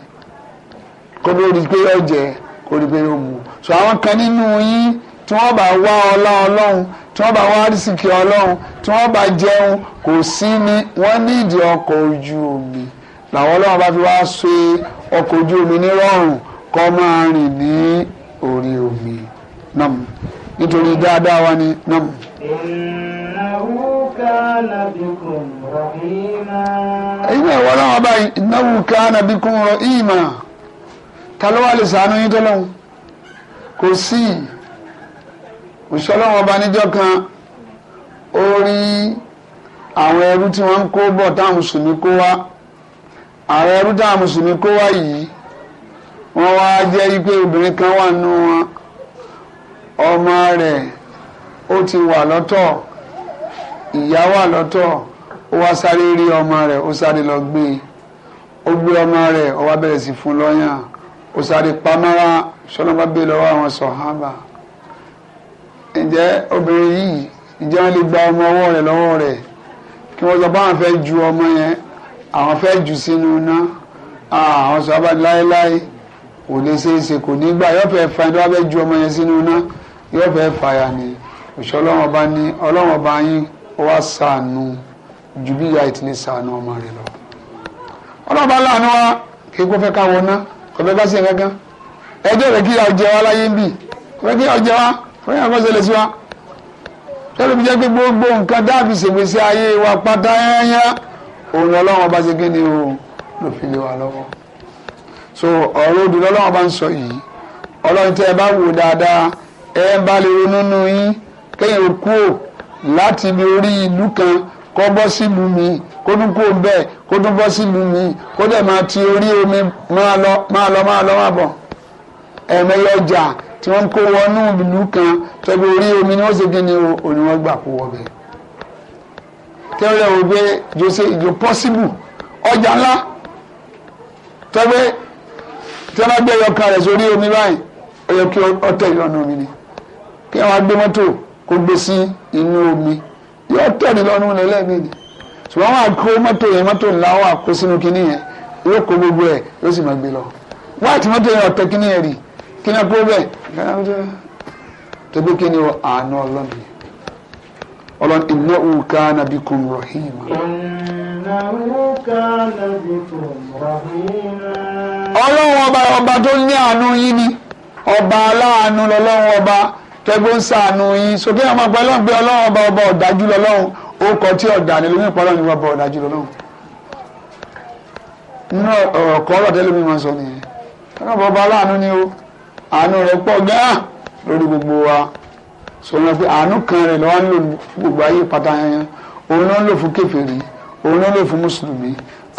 kó bí ó rí i pé yóò jẹ kó rí i pé yóò mu so àwọn kan nínú yín tí wọ́n bá wá ọlá ọlọ́run tí wọ́n bá wá àdìsíkì ọlọ́run tí wọ́n bá jẹun kò sí ni wọ́n ní ìdí ọkọ̀ ojú omi làwọn ọlọ́run bá fi wá ṣe ọkọ̀ ojú omi nírọ̀rùn kọ́ máa rìn ní orí omi náà. nítorí dáadáa wa ni náà. ìnáwó kánà náà wọ́n lọ́wọ́ ìnáwó kánà bíkùn rọ̀ ìmà lè yín kò sí kan ó rí àwọn ẹrú tí wọ́n ń kó bọ̀ táwọn mùsùlùmí kó wá àwọn ẹrú táwọn mùsùlùmí kó wá kan wà nínú wọn ọmọ rẹ̀ ó ti wà lọ́tọ̀ ìyá wà lọ́tọ̀ ó wá sáré rí ọmọ rẹ̀ ó sáré lọ gbé e. ó gbé ọmọ rẹ̀ ó wá bẹ̀rẹ̀ sí fún lọ́yàn ó sáré pamọ́ra sọlọ́mọ bẹ́ẹ̀ lọ́wọ́ àwọn sọ̀hábà ǹjẹ́ obìnrin yìí ǹjẹ́ wọ́n lè gba ọmọ ọwọ́ rẹ̀ lọ́wọ́ rẹ̀ kí wọ́n sọ pé àwọn fẹ́ ju ọmọ yẹn àwọn fẹ́ jù sínú iná àwọn sọ̀hábà láéláé kò lè ṣeé ṣe kò ní gbà yọ̀ọ́ fẹ́ fa ẹni tó wá ju ọmọ yẹn sínú iná. yóò fẹ́ fàyà ni òṣìṣẹ́ ọba ní ọba yín ó wá sànù ju bí ìyá ìtìlẹ̀ sànù lọ. ọlọ́run ọba láàánú wa kí kó fẹ́ ká wọná kò fẹ́ bá sí ẹ̀ ẹjọ́ kí ọjẹ́ wa láyé ń bì kò fẹ́ kí ọjẹ́ wa fún sí wa. jẹ́ pé gbogbo nǹkan ayé wa ọba ṣe kéde o ló fi lé so ọ̀rọ̀ ọba ń sọ yìí ọlọ́run tẹ́ ẹ bá lè ronú nínú yín lati bi ori láti ibi orí ìlú kan kó bọ́ sílùú mi kó tún bẹ́ẹ̀ kó tún mi kó dẹ̀ máa ti orí omi máa lọ máa lọ máa lọ máa bọ̀ ẹ̀mẹ́yẹ ọjà tí wọ́n kó wọnú ìlú kan orí omi ni wọ́n ṣe kíni òní wọ́n gbà kó wọ bẹ́ẹ̀. jose ìjọ pọ́síbù ọjà ńlá tọ́gbẹ́ tí wọ́n bá gbé ẹyọ omi báyìí ẹyọ kí ọtẹ ìlànà omi kí àwọn agbé mọ́tò kó gbé sí inú omi yóò tẹ̀lé lọ́nu lẹ́lẹ́mìí ni ṣùgbọ́n àwọn àkó mọ́tò yẹn mọ́tò ńlá wà kó sínú kinní yẹn yóò kó gbogbo ẹ̀ yóò sì máa gbé lọ wọ́n àti mọ́tò yẹn ọ̀tẹ́ kinní yẹn rì kinní kó bẹ́ẹ̀ tóbi kinní àánú ọlọ́run yẹn ọlọ́run iná òkà nàbí kùn rọ̀hìnmá. ọlọ́run ọba ọba tó ní àánú yín ni ọba aláàánú lọ́lọ́run ọba tẹ́gbọ́n sànù yín sókè àwọn àgbà ọlọ́run pé ọlọ́run ọba ọba ọ̀dájú lọ́lọ́run ó kọ tí ọ̀dà ni lómi ìpọ́nlọ́run ni ọba ọ̀dájú lọ́lọ́run. nínú ọ̀rọ̀ kọ́ ọ̀rọ̀ tẹ́lẹ̀ mi máa sọ nìyẹn ọlọ́run ọba aláàánú ni ó àánú rẹ̀ pọ̀ gan-an lórí gbogbo wa sọ̀rọ̀ pé àánú kan rẹ̀ lọ́wọ́ ń lò gbogbo ayé pátá yẹn òun ló ń lò fún kèfèrí òun ló ń lò fún mùsùlùmí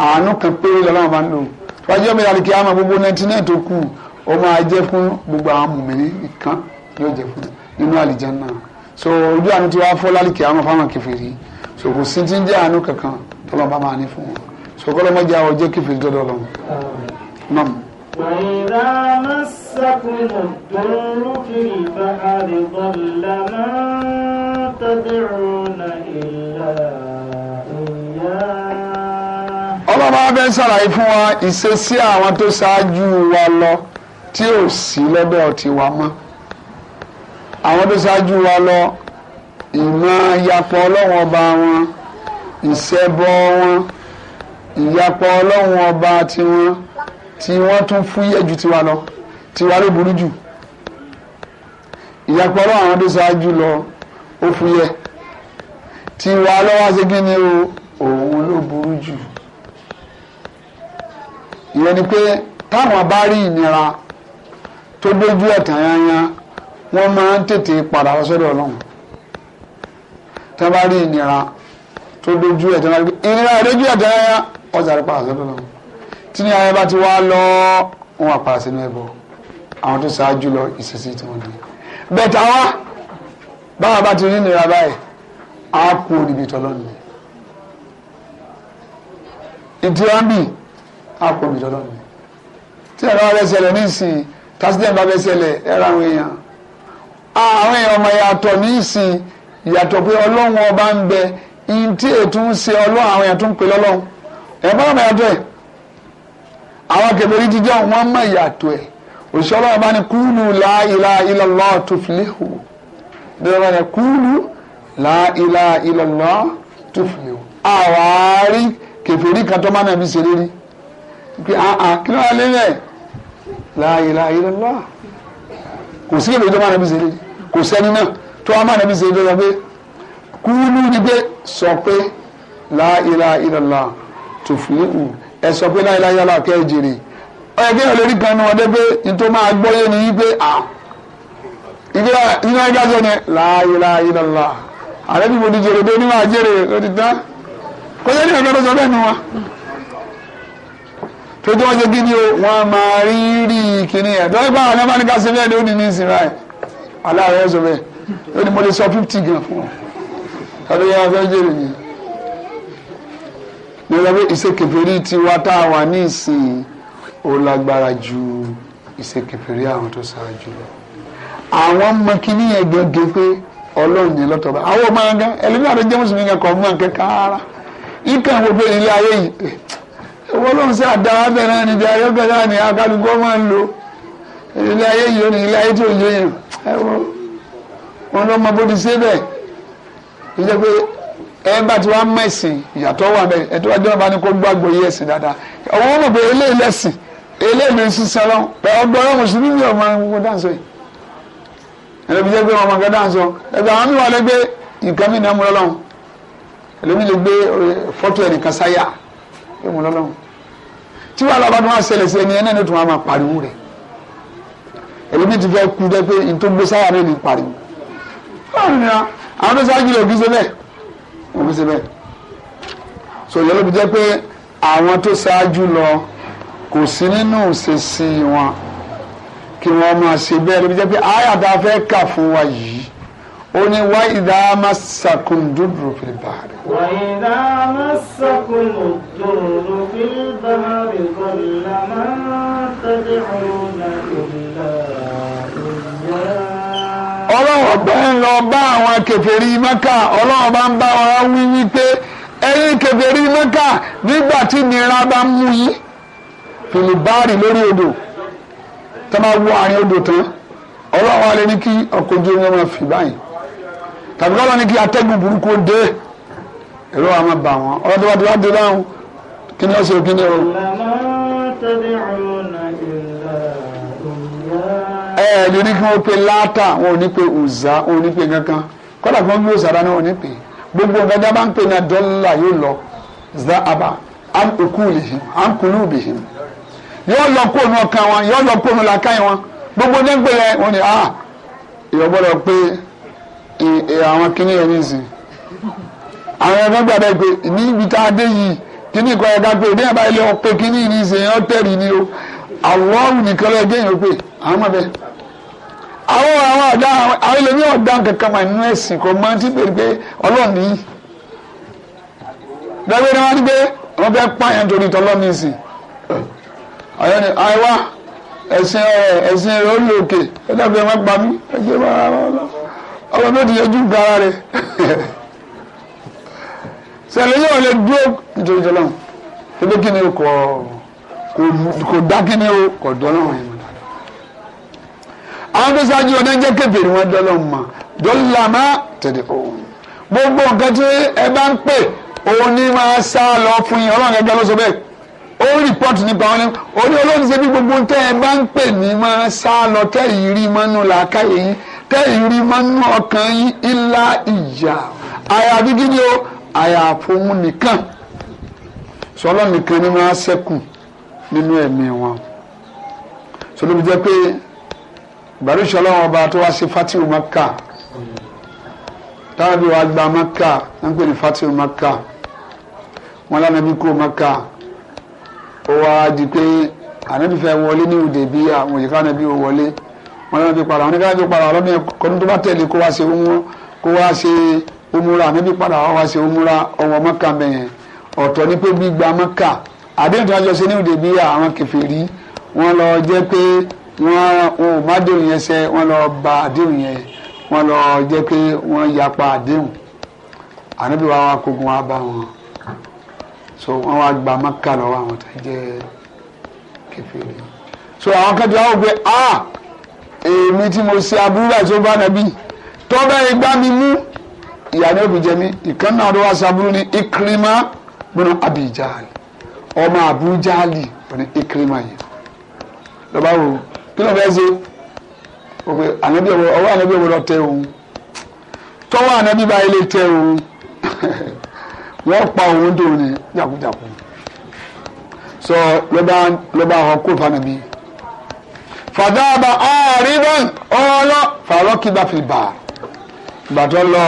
àánú kan péré lọ́wọ́ máa ń lò yóò jẹ fún inú àlìjánnà so ojú àánú tí wàá fọ́ lálìkì àwọn fáwọn kèfèrí so kò sí ti ń jẹ́ àánú kankan tọ́lọ́ bá máa ní fún wọn so kọ́lọ́ mọ́ jẹ́ àwọn jẹ́ kèfèrí dọ́dọ̀ lọ. وإذا مسكم الضر في البحر ضل من تدعون إلا إياه ọlọ́run á fẹ́ ṣàlàyé fún wa ìṣesí àwọn tó ṣáájú wa lọ tí ò sí lọ́dọ̀ tiwa mọ́ àwọn tó ṣáájú wa lọ ìmọ̀ ìyapọ̀ ọlọ́run ọba wọn ìṣẹ́bọ wọn ìyapọ̀ ọlọ́run ọba tiwọn tí wọ́n tún fúyẹ́ ju tiwa lọ tiwa ló burú jù ìyapọ̀ ọlọ́run àwọn tó ṣáájú lọ ó fúyẹ́ tiwa lọ́wọ́ ṣe kí ni o òun ló burú jù ìyẹn ni pé táwọn bá rí ìnira tó dójú ẹ̀tàn yanyan wọ́n máa ń tètè padà wá sọ́dọ̀ ọlọ́run tí wọ́n bá rí ìnira tó dojú ẹ̀ tí wọ́n bá rí ìnira dojú ẹ̀ dáadáa ọjà rẹ̀ padà sọ́dọ̀ ọlọ́run tí ní ayé bá ti wá lọ wọn wà padà sínú ẹbọ àwọn tó ṣáájú lọ ìṣesí tí wọ́n di bẹ̀tà wá báwa bá ti rí ìnira báyìí á kú òdìbí tọ́lọ́run ni ìdí á kú òdìbí tọ́lọ́run ni tí ẹ̀rọ rẹ̀ ṣẹlẹ̀ ní ìsìn tásídẹ̀ẹ́ bá fẹ́ ṣẹlẹ̀ ẹ̀rọ àwọn èèyàn àwọn èèyàn ọmọ yàtọ̀ níìsín yàtọ̀ pé ọlọ́run ọba ń bẹ ihun tí ètò ń ṣe ọlọ́run àwọn èèyàn tó ń pè lọ́lọ́run ẹ̀ bá ọmọ yàtọ̀ ẹ̀ àwọn kẹfẹ́rí jíjẹ́ wọn mọ̀ yàtọ̀ ẹ̀ òṣìṣẹ́ ọlọ́run bá ní kúlù la ilaha illallah tuflihu ìdọ́gba ní kúlù la ilaha illallah tuflihu àwárí kẹfẹ́rí kan tó máa nàbí ṣe lérí pé àkínú ah, ah, alẹ́ rẹ̀ la ilaha kò sí ìlú tó máa nàbí ṣeré kò sẹ́ni náà tó máa nàbí ṣeré lọ pé kúlú ni pé sọ pé la ilaha illallah tuflihu ẹ sọ pé la ilaha illallah kẹ́ ẹ jèrè ọ̀yẹ́ kí ẹ lórí kan ní wọn dé pé ní tó máa gbọ́ yé ni yí pé à ìgbéra iná ẹgbẹ́ sọ ni la ilaha illallah àrẹ́bí mo ti jèrè dé ní máa jèrè ló ti tán kó ní ẹgbẹ́ tó bẹ́ẹ̀ ni wọn tójú wọn ṣe kí ni o wọn máa rí rí kíní ẹ̀ lọ́wọ́ ìgbà wọn lẹ́mọ̀ ní ká ṣe bẹ́ẹ̀ ni ó ní ní ìsìn ráì aláàrẹ̀ ẹ̀ sọ bẹ́ẹ̀ ó ní mo lè sọ fifty gan fún ọ tàbí yẹn wọn fẹ́ jèrè ni. ní ọjọ́ pé ìṣèkèfèrí tiwa tá a wà ní ìsìn ó lágbára ju ìṣèkèfèrí àwọn tó ṣáájú lọ àwọn ọmọ kìíní yẹn gẹ́gẹ́ pé ọlọ́run yẹn lọ́tọ̀ bá àwọn ọmọ yẹn gan ẹlẹ́ni àti jẹ́ mùsùlùmí kan kọ́ ọmọ kẹ́kẹ́ ara nǹkan wo pé ilé ayé yìí owó ló ń sẹ́ àdáwà bẹ́ẹ̀ náà níbi ayé bẹ́ẹ̀ náà ní akálukú ọmọ ń lo ilé ayé yìí ó ní ilé ayé tó yé yẹn ẹ wo wọn lọ mọ bó ti ṣe bẹ́ẹ̀ ìjẹ́ pé ẹ bá ti wá mẹ́sìn ìyàtọ̀ wà bẹ́ẹ̀ ẹ tó wá jọba ní kó gbàgbọ́ yé ẹ̀sìn dáadáa ọ̀wọ́n mọ̀ pé eléyìí lẹ́sìn eléyìí ló ń ṣiṣẹ́ lọ ọgbọ́n ọ̀rọ̀ mùsùlùmí ni ọmọ ẹ̀kọ́ dáńsọ ẹ̀ mú lọ́lọ́run tí wàhálà bá tún wá ṣẹlẹ̀ sí ẹni ẹ náà ni ó tún wá máa pariwo rẹ̀ ẹlòmíì ti fẹ́ kú dẹ́ pé n tó gbé sáyà náà ní pariwo báwo ni àwọn tó ṣáájú rẹ̀ òbí ṣe bẹ́ẹ̀ òbí ṣe bẹ́ẹ̀ so ìyẹn ló fi jẹ́ pé àwọn tó ṣáájú lọ kò sí nínú ìṣesí wọn kí wọ́n máa ṣe bẹ́ẹ̀ ló fi jẹ́ pé àyà tá a fẹ́ kà fún wa yìí ó ní wá ìdá masakundudu fil bahar وإذا مسكم الضر في البحر كل من تدعون إلا ọlọ́run ọ̀bẹ ń lọ bá àwọn kèfèrí mẹ́kà ọlọ́run bá ń bá wọn wí wípé ẹ̀yin kèfèrí mẹ́kà nígbà tí nira bá ń mú yín fìlìbárì lórí odò máa wọ àárín odò tán ọlọ́run alẹ́ ní kí ọkọ̀ ojú omi máa fì báyìí ẹ̀rọ wa máa bà wọ́n ọ̀rọ̀ tó bá ti wá dé láwọn kí ni ó ṣe kí ni o. ẹ ẹ lórí kí wọ́n pe láàtà wọn ò ní pe ùzà wọn ò ní pe kankan kọ́dà kí wọ́n gbé òsàrà náà wọn ò ní pe gbogbo nǹkan tí a bá ń pè ní dọ́là yóò lọ zá àbá ankulihim ankulubihim yóò lọ kóònù ọkàn wọn yóò lọ kóònù làákàyè wọn gbogbo dẹ́gbẹ́ yẹn wọn ni ah èèyàn pé àwọn kìnìún yẹn nìyí àwọn ẹgbẹ́ pé tá a dé yìí kíní ìkọ́ ẹ̀ka pé bí àbá ilé ọ̀pẹ kíní ìní ṣe ẹ̀ tẹ̀rì ni o àwọ̀rù nìkan lọ ẹgbẹ́ yìí pé àwọn ọmọ bẹ́ẹ̀. àwọn àwọn ọ̀dà àwọn ilé mi ọ̀dà kankan nínú ẹ̀sìn máa ti pé yìí. ni wọ́n ti gbé wọ́n fẹ́ torí ìsìn. ẹ̀sìn ọ̀rẹ́ ẹ̀sìn òkè sẹlẹ yóò lè dúró nítorí jọlọ́run ebi kí ni o kò kò dá kí ni o kò dọ́lọ́run yẹn àwọn tó ṣáájú ọdẹ jẹ́ kébèrè wọn dọ́lọ́run mà dọ́là má tẹ̀lé òun gbogbo nǹkan tí ẹ bá ń pè òun ní máa sá lọ fún yín ọlọ́run ẹgbẹ́ ló sọ bẹ́ẹ̀ ó rìpọ́tù nípa wọn ní olóòtú ṣe bí gbogbo tẹ́ ẹ bá ń pè ní máa sá lọ tẹ́ ìrí mọ́nú làákàyè yín tẹ́ ìrí mọ́nú ọkàn yín ńlá ìyà àyàbí kí ni o àyàfóhun nìkan sọlọ́ nìkan ni wọ́n á sẹ́kù nínú ẹ̀mí wọn sọlọ́ bí jẹ́ pé gbàdúrà ọlọ́run ọba tó wá sí fatihu maka táwọn bí wàá gba maka wọ́n ń pè ní fatihu maka wọ́n lánàá bí kúrò maka ó wá di pé ànábì fẹ́ wọlé ní òde bí àwọn òyìnká ànábì ó wọlé wọ́n lánàá bí para wọ́n ní ká bí para ọlọ́mọ ẹ̀kọ́ ní bá tẹ̀lé kó wá ṣe wọn kó wá ṣe umura ànábì padà wá wá sí umura ọwọ́ mọ́kà bẹ̀yẹn ọ̀tọ̀ ní pé gbígba mọ́kà àdéhùn tó wájú ṣe ní òde bíi àwọn kèfèrí wọ́n lọ jẹ́ pé wọ́n ò má déhùn yẹn ṣẹ wọ́n lọ ba àdéhùn yẹn wọ́n lọ jẹ́ pé wọ́n yapa àdéhùn ànábì wá wá kógun wá bá wọn so wọ́n wá gba mọ́kà lọ́wọ́ àwọn tó jẹ́ kèfèrí so àwọn kan ti wá ah èmi tí mo ṣe aburú àti ó nàbí tọ́ bẹ́ẹ̀ gbá mi mú ìyá ni òbí jẹ mí ìkànnì àwọn ọdún wa sábúrú ní Ikrima gbọ́nà Abijali ọmọ Abujali pẹ̀lú Ikrima yìí lọ́ba wo kí ló fẹ́ ṣe òpè ànábì ọwọ́ ànábì ọwọ́ lọ tẹ òun tọ́wọ́ ànábì báyìí lè tẹ òun wọ́n pa òun dòun ní jagunjagun sọ lọ́ba lọ́ba ọkọ̀ fanabi fàdábà ààrí bẹ́ẹ̀ ọlọ́ fàlọ́kì bá fi bà gbàtọ́ lọ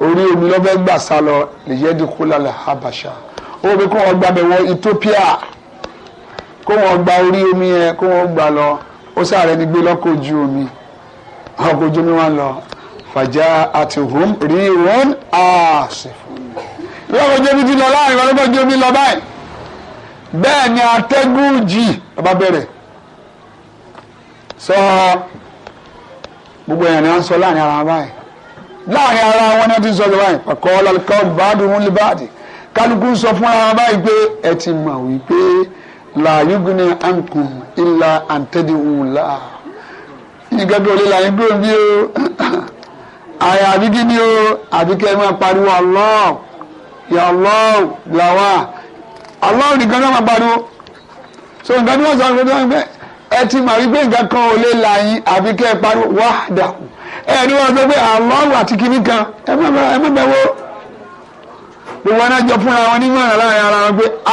orí omi lọ́fẹ́ gbà sá lọ nìyẹn di kó lálẹ́ habasha ó bí kó wọn gba bẹ̀ wọ Ethiopia kó wọn gba orí omi yẹn kó wọn gbà lọ ó sáré ni gbé lọ́kọ̀ ojú omi àwọn ọkọ̀ ojú omi wọn lọ fàjà àti hùm rí wọn àṣẹ fún mi. lọ́kọ̀ ojú omi ti lọ láàrin wọn lọ́kọ̀ ojú omi lọ báyìí bẹ́ẹ̀ ni atẹ́gùn jì ọba bẹ̀rẹ̀ sọ gbogbo èèyàn ni wọ́n sọ láàrin ara wọn báyìí láàrin ara wọn náà ti sọ pé báyìí ọkọ ọlọlọkọ bàdù wọn lè báàdì kálukú sọ fún ara báyìí pé ẹ ti mọ̀ wípé làyúgúnni àǹkùn ìlà àǹtẹ̀dì òǹlà ìgbẹ́bí olè làyín dúró bí o àyàbí kí ni o àbíkẹ́ máa pariwo Allah ya Allah làwà Allah nìkan náà máa pariwo so nǹkan tí wọ́n sọ fún mi ẹ ti mọ̀ wípé nǹkan kan ò lè là yín àbí kẹ́ ẹ pariwo wáhdàkùn ẹ ní wọn gbé pé àlọ́ọ̀lù àti kìíní kan ẹ má bẹ wo gbogbo wọn náà jọ fúnra wọn ní mọ̀ràn láàrin ara wọn pé a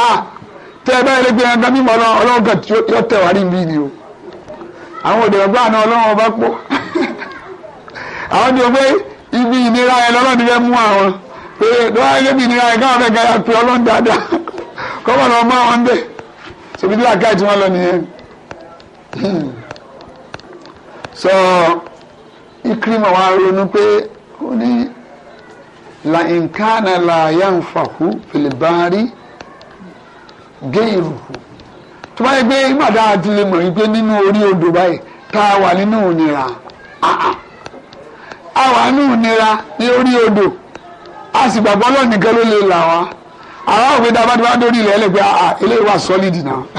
tẹ ẹ báyìí lè gbé ẹgbẹ́ mímọ́ náà ọlọ́run kan tí yóò tẹ̀ wá níbí ni o àwọn òde ọgbà náà ọlọ́run ọba pọ̀ àwọn ti wọ pé ibi ìnira yẹn lọ́lọ́run ti fẹ́ mú àwọn pé lọ́wọ́ ilé ibi ìnira yẹn káwọn fẹ́ gaya pé ọlọ́run dáadáa kọ́mọ̀ náà mọ́ àwọn bẹ́ẹ̀ sọ̀bí tí wàá káyì tí wọ́n lọ nìyẹn hmm. so. Ikrima wa ronú pé ó ní la nkánà la yanfahu filibari géèrú tó bá yẹ pé ìgbàdá àti lè mọ̀ wípé nínú orí odò báyìí tá a wà nínú ònira a wà nínú ònira ní orí odò a sì gbàgbọ́ lọ́ọ̀ nìkan ló lè là wá àwọn òwe dábàdàbà dórí ilẹ̀ ẹlẹ́gbẹ́ eléyìí wà sọ́lìdì náà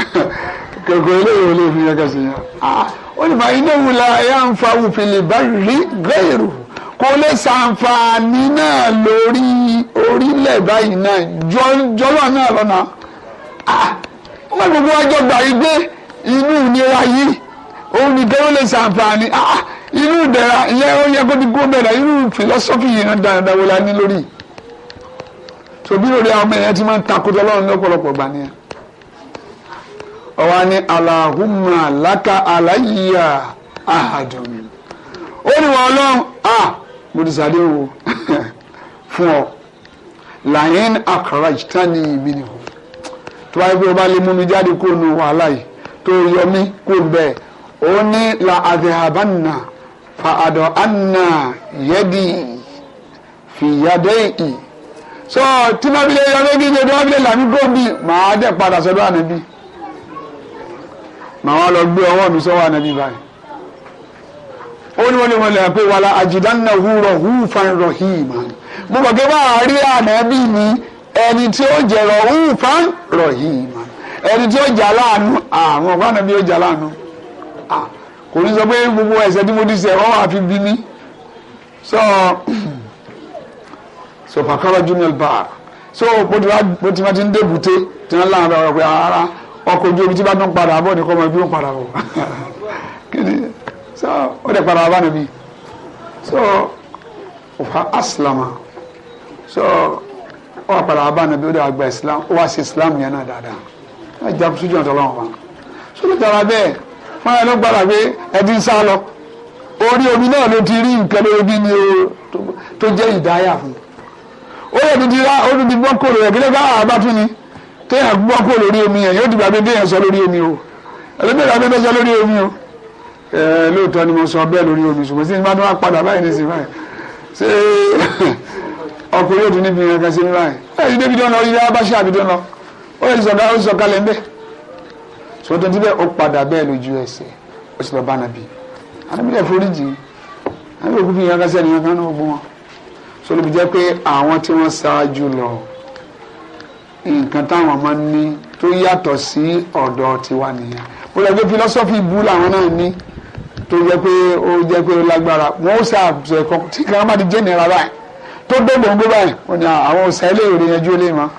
kòkò eléyìí olè fi yẹn kẹsì yẹn ó ní fa iná wula ẹ̀yà ń fa wùfìlì bá rí gẹ́rù kò lè ṣàǹfààní náà lórí orílẹ̀ báyìí náà jọlọ náà lọ́nà ah, wọ́n gbogbo ọjọ́ gbà yí gbé inú ìnira yìí òun nìkan ó lè ṣàǹfààní ah, inú ìdẹ̀ra ìyẹn ó yẹ kó ti gbó bẹ̀rẹ̀ inú fìlọ́sọ́fì yìí náà dáadáa wọlé ní lórí tòbí lórí àwọn ọmọ ẹ̀yẹ ti máa ń takò tọ́lọ́run lọ́pọ̀lọpọ̀ gbà nìyẹn ọwọ́ ní alahumma laka alayya ahadum ó ní wọn ọlọ́run a ah, mo ti sáré o fún ọ làyín akhrajtani minhu tó bá yẹ kó o bá lè mú mi jáde kó o nu wàhálà yìí tó yọ mí kó bẹ́ẹ̀ ó ní la adhabanna fa àdọ̀ anna yẹ́dì fìyàdẹ́yì so tí wọ́n fi lè yọ mí kí ni wọ́n fi lè làmí gbòógì màá dẹ̀ padà sọ́dọ̀ ànábì màá wá lọ gbé ọwọ́ mi sọ́wọ́ ànábì báyìí ó ní wọ́n ní wọ́n lè pé wàlá àjìdánná húrọ̀ húfan rọ̀hìmà mo gbàgbé bá a rí ànábì ní ẹni tí ó jẹ̀rọ̀ húfan rọ̀hìmà ẹni tí ó jà láàánú àrùn ọ̀gbọ́n ànábì ó jà láàánú kò ní sọ pé gbogbo ẹ̀ṣẹ̀ tí mo ti ṣẹ̀ wọ́n wà fi bí mi so so pàkàrọ̀ junior bar so bó ti wá ti ń débùté tí wọ́n láwọn bá wà ọkọ̀ ojú omi tí bá tún padà bọ̀ ní kọ́mọ ibi ó padà bọ̀ kìíní so ó dẹ̀ padà bá nàbí so ọ̀fà asilama so ó wà padà bá nàbí ó dẹ̀ àgbà islam ó wà sí islam yẹn náà dáadáa ẹ jà sójú ọ̀tọ̀ lọ́wọ́ wa so ló tara bẹ́ẹ̀ fún ẹ ló gbára pé ẹbí ń sá lọ orí omi náà ló ti rí nǹkan lórí bí ni tó jẹ́ ìdáyà fún ó yẹ kí ti rá ó ti di gbọ́n rẹ̀ kí téèyàn gbọ́ kó lórí omi yẹn yóò dìgbà pé téèyàn sọ lórí omi o ẹlẹ́gbẹ̀rún abẹ́ bẹ́ sọ lórí omi o ẹ lóòótọ́ ni mo sọ bẹ́ẹ̀ lórí omi ṣùgbọ́n sí ni bá tó wá padà báyìí ní sinmi báyìí ṣé ọkùnrin yóò tún níbi yẹn kan sinmi báyìí ẹ yìí débi dán lọ yìí dáa bá ṣe àbí dán lọ ó yẹ sọ̀dá ó sọ kalẹ̀ ńbẹ́ sọ̀tún tí bẹ́ẹ̀ ó padà bẹ́ẹ̀ lójú ẹsẹ̀ ó sì lọ bá nàbí àdébílẹ̀ foríjì àdébílẹ̀ òkú fi yẹn kan sẹ́ni yẹn kan náà gbọ́n nǹkan táwọn máa ń ní tó yàtọ̀ sí ọ̀dọ̀ tiwa nìyẹn ó lọ pé philosophy bú làwọn náà ní tó jẹ́ pé ó jẹ́ pé ó lágbára wọn ó ṣàbùsọ ẹ̀kọ́ tí kan má ti jẹ́ ìnira báyìí tó dógbò ń gbé báyìí wọn ni àwọn ọ̀sà ilé ìrè yanjú ilé wọn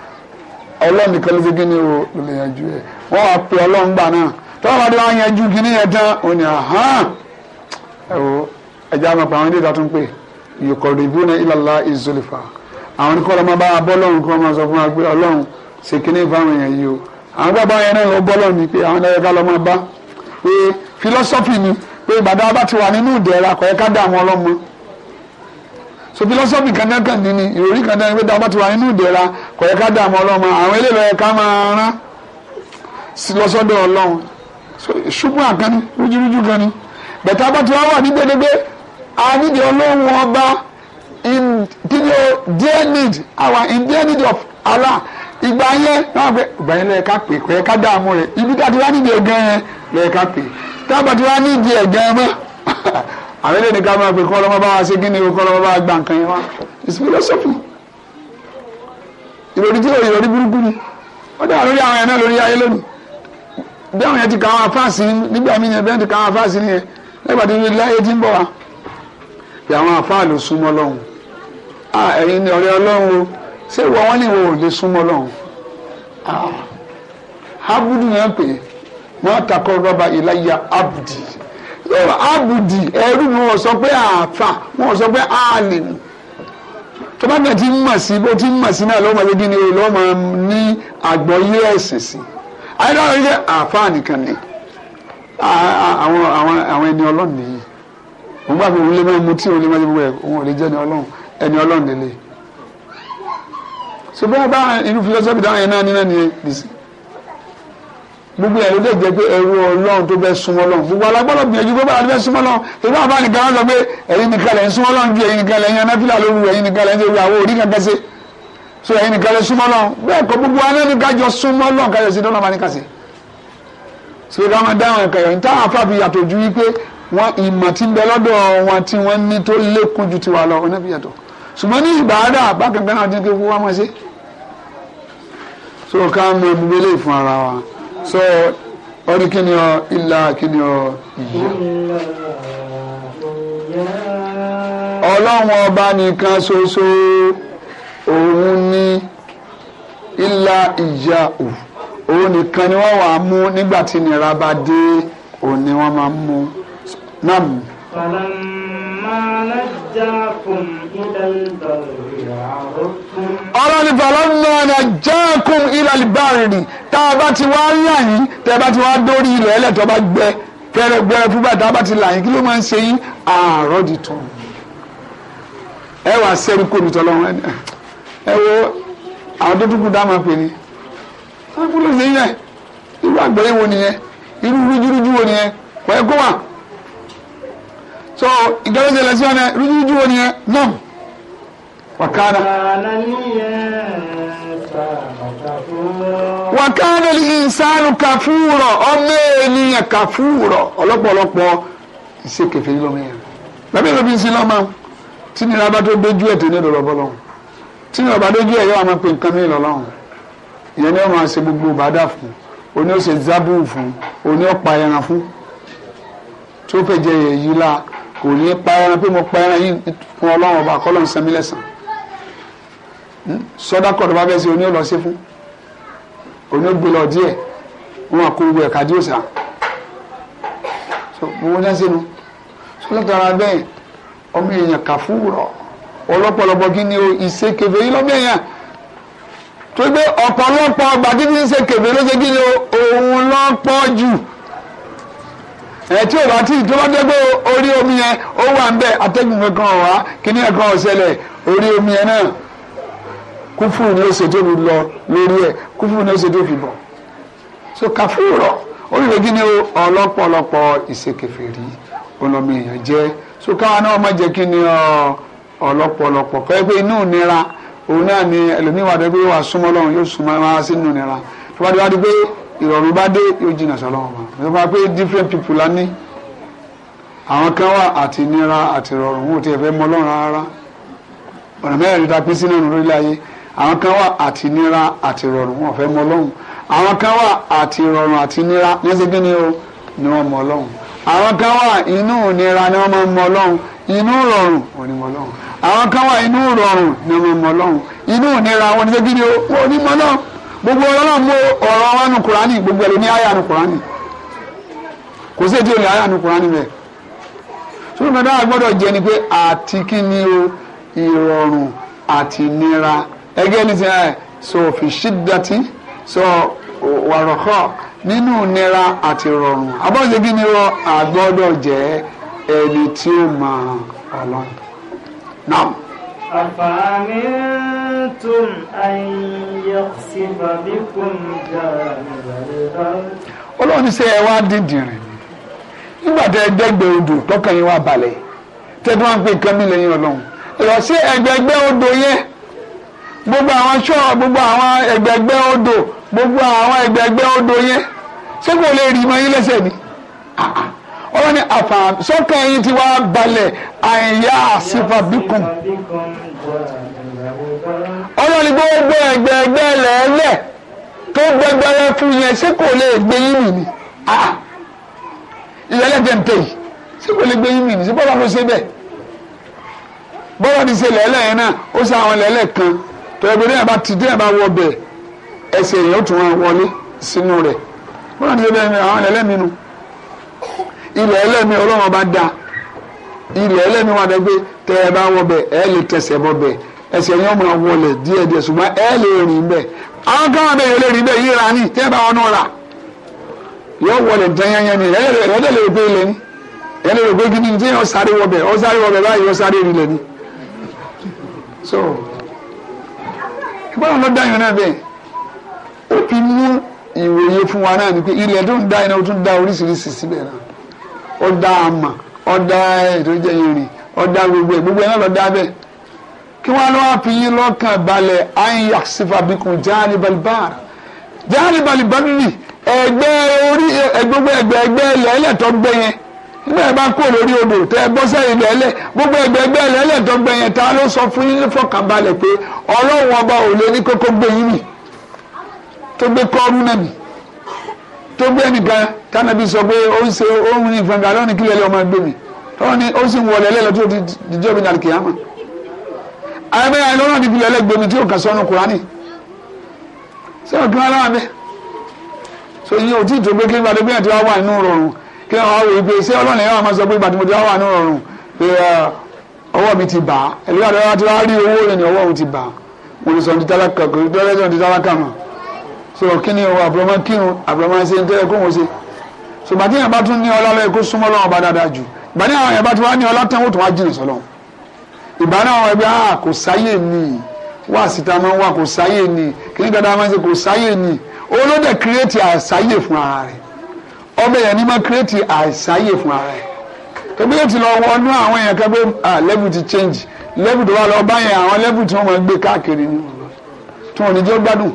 ọlọ́run nìkan ló fi kí o ló lè yanjú ẹ̀ wọ́n wá pe ọlọ́run gbà náà tọ́wọ́n adé wọn yanjú kíní yẹn tán wọn ni ahán ẹ wo ẹja àmọ́ pa àwọn ilé ìdá tó ń pè yòkòrò ìbú ìlàlá ìzọlẹ̀fà àwọn ní kọ́ lọ́mọ bá wa bọ́ lọ́hùn kọ́ máa sọ fún wa pé ọlọ́hùn ṣe fáwọn èèyàn yìí o àwọn bàbá yẹn náà ó bọ́ lọ́hùn ni pé àwọn ẹ̀ka lọ́mọ bá pé philosophy ni pé ìbàdàn bá ti wà nínú ìdẹ̀ra kọ̀ ẹ̀ka dààmú ọlọ́mọ so philosophy kan náà kàn ní ni ìròrí kan náà ni pé dáa bá ti wà nínú ìdẹ̀ra kò yẹ ká dààmú ọlọ́mọ àwọn eléyìí lọ́yẹ ká máa rán lọ́sọ́dọ̀ ọlọ́run ṣùgbọ́n àkànní rújúrújú kan ni in period dear need our in need of Allah ìgbà yẹn náà pé ìgbà yẹn lẹ́ẹ̀ka pè kò yẹ dààmú rẹ̀ ibi tá wá nídìí ẹ̀ gan-an pè tá wá nídìí àwọn ká máa pè kọ́ ọlọ́mọ bá wa gba nǹkan yẹn wá philosophy tí lórí àwọn yẹn náà pé àwọn àfáà ló súnmọ́ lọ́hùn à ẹ̀yin ni ọ̀rẹ́ ọlọ́run o ṣé ìwọ wọn ní ìwọ ò lè súnmọ́ lọ́hùn abudu yẹn pé wọn takọ rọba ìlàyà abudi abudi ẹrú ni wọn sọ pé àáfà wọn sọ pé àálẹ ni tó bá bẹ̀ tí ń mọ̀ sí bó ti ń mọ̀ sí náà lọ́wọ́ lójú ni lọ́wọ́ máa ní àgbọ̀yé ẹ̀sìn sí ayélujára yẹ àáfà nìkan ni àwọn ẹni ọlọ́run nìyí òun gbà pé òun lè máa tí òun lè máa jẹ gbogbo ò lè jẹ́ ẹni ọlọ́run ẹni ọlọ́run lélẹ̀ so bí wọ́n bá irú philosophy dáhùn yẹn náà ní náà ní bìsí gbogbo ẹ̀ dẹ̀ jẹ́ pé ẹrú ọlọ́run tó bẹ́ súnmọ́ lọ́run gbogbo alágbọ́dọ̀ gbìyànjú gbogbo àti bẹ́ súnmọ́ lọ́run ìlú àbá nìkan lọ pé ẹ̀yin nìkan lẹ̀ ń súnmọ́ lọ́run ju ẹ̀yin nìkan lẹ̀ ń yan wọn ìmọ̀ tí bẹ lọ́dọ̀ wọn tí wọ́n ní tó lékún ju tiwa lọ oníbi ẹ̀tọ́ ṣùgbọ́n ní ìbáradà bákẹ́kẹ́ náà ti ń ké fún wa so ká mọ ibùgbé lè fún ara wa so ọdí kí ni ọ ìlà kí ni ọ ìyá. ọlọ́run ọba nìkan ṣoṣo òun ní ìlà ìyá òun òun nìkan ni wọ́n wàá mú nígbà tí nira bá dé òun ni wọ́n máa mú. نعم فلما نجاكم إلى البر عرفتم ọlọ́ni fọlọ́mọ nàjákùn ilẹ̀ àlìbárìrì tá a bá ti wá là yín tẹ́ a bá ti wá dórí ilẹ̀ ẹlẹ́tọ́ bá gbẹ kẹrẹgbẹrẹ fún bàtà a bá ti là yín kí ló máa ń ṣe yín àárọ̀ di tán ẹ wàá sẹ́rí kó mi tọ́lọ́ wọn ẹ wo àwọn tó dúkú dá máa pè ní ẹ kúrò sí yẹn irú àgbẹ̀rẹ̀ wo nìyẹn irú rújúrújú wo nìyẹn kọ́ ẹ kó wà so ìgbàlódé ṣẹlẹ̀ sí ọ̀nà rúdúrúdú wo nìyẹn náà wàkánà. wàkánà ní ìsánú kàfúrọ̀ ọmọ ènìyàn kàfúrọ̀ ọlọ́pọ̀lọpọ̀ ìṣe kẹfẹ́ yìí lọ́mọ yẹn bàbá ìlú bí ń sin lọ́mọ tí nira bá tó dojú ẹ̀ tẹ̀lé dọ̀rọ̀ bọ́ lọ́hùn tí nira bá dojú ẹ̀ yọ àwọn pé nǹkan mìíràn lọ́hùn ìyẹn ni wọ́n máa ṣe gbogbo bàdà fún oní ó ṣe zábù fún oní ó ẹran fún tó fẹ́ jẹ èyí la kò ní pa ẹran pé mo pa ẹran yìí fún ọlọ́run ọba kọ́ ló ń san mí lẹ́sàn hmm? sọ́dá kọ̀ tó bá fẹ́ ṣe oní ọ̀lọ́ ṣe fún oní ògbé lọ díẹ̀ wọn àkó gbogbo ẹ̀ka díò sá gbogbo náà sínú sọ́dọ̀tara bẹ́ẹ̀ ọmọ èèyàn kà ọlọ́pọ̀lọpọ̀ kí ni o ìṣe kẹfẹ́ yìí lọ́mọ èèyàn tó gbé ọ̀pọ̀lọpọ̀ gbàgídí ń ṣe kẹfẹ́ ló ṣe kí ni òun lọ́pọ̀ jù ẹ tí o bá tí tó bá jẹ́ pé orí omi yẹn ó wà ń bẹ atẹ́gùn kankan wá kíní ẹ̀kan ọ̀sẹ̀lẹ̀ orí omi yẹn náà kúfùrù ni ó ṣe tó lọ lórí ẹ̀ kúfùrù ni ó ṣe fi bọ̀ so kàfúrọ̀ oríire kíní ọlọ́pọ̀lọpọ̀ ìṣèkèfèrí ọlọ́mọ èèyàn jẹ́ so káwa náà má jẹ́ kíní ọlọ́pọ̀lọpọ̀ kọ́ ẹ pé inú nira òun náà ni ẹlòmíwàdẹ́gbẹ́ wà súnmọ́ lọ́run yóò súnmọ́ ìrọ̀rùn bá dé yóò jìnnà sọ́lọ́ wọn ló máa pé different people la ní àwọn kan wà àti nira àti rọrùn wọn ò tiẹ̀ fẹ́ mọ ọlọ́run rárá ọ̀nà mẹ́rin ta pín sí náà lórí ayé àwọn kan wà àti nira àti rọrùn wọn ò fẹ́ mọ ọlọ́run àwọn kan wà àti rọrùn àti nira wọ́n ṣe kí ni o ni wọ́n mọ ọlọ́run àwọn kan wà inú nira ni wọ́n máa mọ ọlọ́run inú rọrùn wọn ni mọ ọlọ́run àwọn kan wà inú rọrùn ni wọ́n mọ ọlọ́run inú nira wọn ni ṣe kí ni o wọn ò mọ ọlọ́run gbogbo ọlọ́run mú ọ̀rọ̀ wa nu kùránì gbogbo ẹ̀ ló ní àyà nu kùránì kò sí èdè òní àyà nu kùránì rẹ̀ sórí mẹ́ta àgbọ́dọ̀ jẹ́ ni pé àti kí ni o ìrọ̀rùn àti nira ẹgẹ́ ní sẹ́yìn so fi ṣídàtì so wàrọ̀kọ̀ nínú nira àti rọ̀rùn abọ́sẹ̀ kí ni o àgbọ́dọ̀ jẹ́ ẹni tí ó mọ ọlọ́run náà. أفأمنتم أن يخسف بكم جانب الأرض Ọlọ́run ní ṣe ẹ wá dídìrín nígbà tẹ ẹgbẹgbẹ odò tọkàn yín wá balẹ̀ tẹtí wọn pe nǹkan mi lẹ́yìn Ọlọ́run ìrọ sí ẹgbẹgbẹ odò yẹn gbogbo àwọn aṣọ gbogbo àwọn ẹgbẹgbẹ odò gbogbo àwọn ẹgbẹgbẹ odò yẹn ṣé kò lè rí mọ yín lẹ́sẹ̀ ni. Ah ah ọlọ́run ní àfàn sọ́kàn yín ti wá balẹ̀ àyà àsìfà bíkùn ọlọ́run ní gbogbo ẹgbẹ̀ẹ́gbẹ́ lẹ́ẹ̀lẹ́ tó gbẹgbẹrẹ fún yẹn ṣé kò lè gbé yín mì ní ah, ah. ìyẹlẹ tẹ̀m̀pé yìí ṣé kò lè gbé yín mì ní ṣé bọ́lá ló ṣe bẹ́ẹ̀ bọ́lá ti ṣe lẹ́ẹ̀lẹ́ yẹn náà ó ṣe àwọn lẹ́ẹ̀lẹ́ kan tọ́gbẹ́ náà bá ti dé ẹ̀ bá wọ bẹ̀ ẹsẹ̀ yẹn ó tún wọn wọlé sínú rẹ̀ bọ́lá ti ṣe bẹ́ẹ̀ àwọn lẹ́ẹ̀lẹ́ mi nu. ilẹ̀ ẹlẹ́mi ọlọ́run ọba dá ilẹ̀ ẹlẹ́mi wà dẹ́gbẹ́ tẹ́ ẹ bá wọ bẹ̀ ẹ lè tẹ̀sẹ̀ bọ bẹ̀ ẹsẹ̀ yẹn mọ̀ wọlé díẹ̀díẹ̀ ṣùgbọ́n ẹ lè rìn bẹ̀ àwọn kan wà yẹn lè rìn yíra ni tẹ́ yọ wọlé dányányá ni ẹ lè ẹ lè gidi sáré wọ ọ sáré wọ ìwòye fún wa náà ni pé ilẹ̀ tó ń ọ̀dà àmà ọ̀dà ètò ìjẹ ìrìn ọ̀dà gbogbo ẹ̀ gbogbo ẹ̀ náà lọ́dà bẹ́ẹ̀ kí wọ́n lọ́wọ́ fi yín lọ́kàn balẹ̀ ayin àṣìfà bíkun jáàní balibáàr jáàní balibáàrì ẹgbẹ́ orí gbogbo ẹgbẹ́ ẹgbẹ́ lẹ́lẹ̀ tó gbẹ yẹn nígbà yẹn bá kú lórí odò tẹ bọ́ sẹ́yìn lẹ́lẹ̀ gbogbo ẹgbẹ́ ẹgbẹ́ lẹ́lẹ̀ tó gbẹ yẹn ta ló sọ fún yín fọkàn balẹ̀ pé ọlọ́run ọba ò lè ní kókó gbẹ yín nì tó gbé kọ́ọ́rù náà nì tó gbé nìkan tánàbí sọ pé ó ń ṣe ó ń rìn fún mi alọ́ ní kílẹ̀ lé ọmọ ẹgbẹ́ mi tọ́wọ́ ni ó sì ń wọlé lẹ́lọ́ tó ti dijọ́ mi nàlùkì yàmà àyẹ̀mẹ́ yẹn lọ́rọ̀ níbi lẹ́lẹ́gbẹ̀mí tí ó kà sọ́nu kùránì sẹ́wọ̀n kí wọ́n láwọn bẹ́ẹ̀ so yín ò tí ì tó pé kí n gbàdúgbò yẹn ti wá wà nínú rọrùn kí wọn wá wò ó pé ṣé ọlọ́run yẹn wà máa sọ pé gbàdúgbò ti wá wà nínú rọrùn pé ọwọ́ mi ti bà á ẹ̀lú àdúrà tí wọ́n á rí owó rẹ̀ ní ọwọ́ òun ti bà á mo lè sọ ní tálákà kò ní tọ́lẹ́sọ̀ ní tálákà mọ́ so kí ni o àbúrọ̀mọ́ kírun àbúrọ̀mọ́ ṣe ń tẹ́lẹ̀ kó wọ́n ṣe so bàtí yẹn bá tún ní ọlá lọ́yẹ kó súnmọ́ lọ́wọ́ bá dáadáa jù bàtí àwọn yẹn bá tún wá ní ọlá tán wọ́n tún wá jìnnà sọ́lọ́ ìbá náà wọ́n ẹgbẹ́ ah kò sáyè ni wá síta máa ń wá kò sáyè ni kí ni dáadáa máa ń ṣe kò sáyè ni olóde kírètì àṣàyè fún ara rẹ̀ ọbẹ̀ yẹn ni máa kírètì àṣàyè fún ara rẹ̀ tẹ́gbẹ́ yóò ti lọ wọnú àwọn èèyàn kẹ́gbẹ́ ah level ti change level tó wà lọ báyẹn àwọn level tí wọ́n máa gbé káàkiri ni tí wọ́n ní jẹ́ gbádùn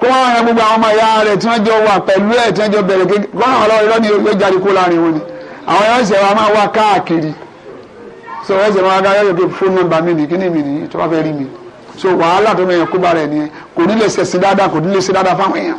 kó wọn yẹn gbogbo àwọn ọmọ ìyá rẹ̀ tí wọ́n jọ wà pẹ̀lú ẹ̀ tí wọ́n jọ bẹ̀rẹ̀ kékeré lọ́nà ọlọ́run irọ́ ni yóò jáde kó láàrin wọn ni àwọn yẹn ṣẹ̀ wá máa wá káàkiri so ẹ̀ ṣẹ̀ wọn agáyọ̀ pé fóònù nọ́mbà mi nìyí kíní mi nìyí tó bá rí mi so wàhálà tó mẹ́yẹn kó bá rẹ̀ nìyẹn kò ní lè ṣẹ̀sìn dáadáa kò ní lè ṣe dáadáa fáwọn èèyàn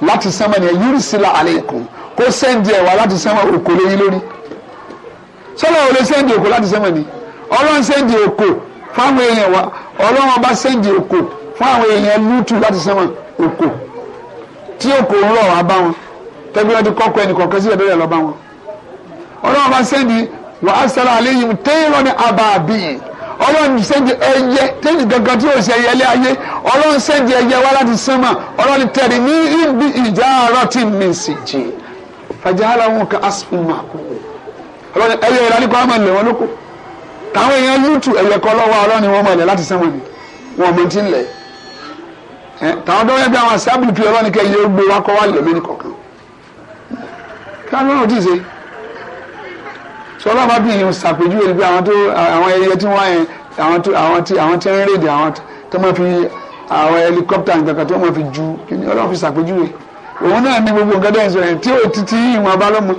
láti sánmọ̀ nìyẹn yúrì sílà àlékún kó sẹ́ǹdì ẹ̀ wá láti sánmọ̀ òkò lóyún lórí sọlá ò lè sẹ́ǹdì òkò láti sánmọ̀ ni ọlọ́run sẹ́ǹdì òkò fáwọn èèyàn wa ọlọ́run ọba sẹ́ǹdì òkò fáwọn èèyàn lútù láti sánmọ̀ òkò tí òkò ń rọ̀ wá bá wọn tẹ́gbẹ́ wọn ti kọ́kọ́ ẹnì kọ̀ọ̀kan sílẹ̀ bẹ́ẹ̀ lọ bá wọn ọlọ́run ọba sẹ́ǹdì wàásù ọlọ́run sẹ́ndì ẹyẹ tẹ́lẹ̀ gangan tí yóò ṣe ẹyẹ lé ayé ọlọ́run sẹ́ndì ẹyẹ wá láti sánmà ọlọ́run tẹ̀lé ní ibi ìjà àárọ̀ tí mi sì jì fàjà ara wọn kan asùn máa kú ọlọ́run ẹyẹ ìlànà kan máa lẹ̀ wọ́n lóko táwọn èèyàn lùtù ẹyẹ kan lọ́wọ́ ọlọ́run wọn máa lẹ̀ láti sánmà ni wọn mọ ti ń lẹ̀ táwọn tó wẹ́n bí àwọn sábìlì pé ọlọ́run kẹ́ yẹ gbé wákọ́ wá lẹ̀ mẹ́ni kọ̀ọ̀kan kí sọ ọlọ́run bá bí ìyẹn ṣàpèjúwe ni pé àwọn tó àwọn ẹyẹ tí wọ́n yẹn àwọn tó àwọn tí àwọn tí ń rèdè àwọn tó máa fi àwọn helicopter nǹkan kan tó máa fi ju kíni ọlọ́run fi ṣàpèjúwe òun náà ní gbogbo nǹkan dẹ́yìn sọ yẹn tí ò ti ti ìwọ̀n bá lọ́mọ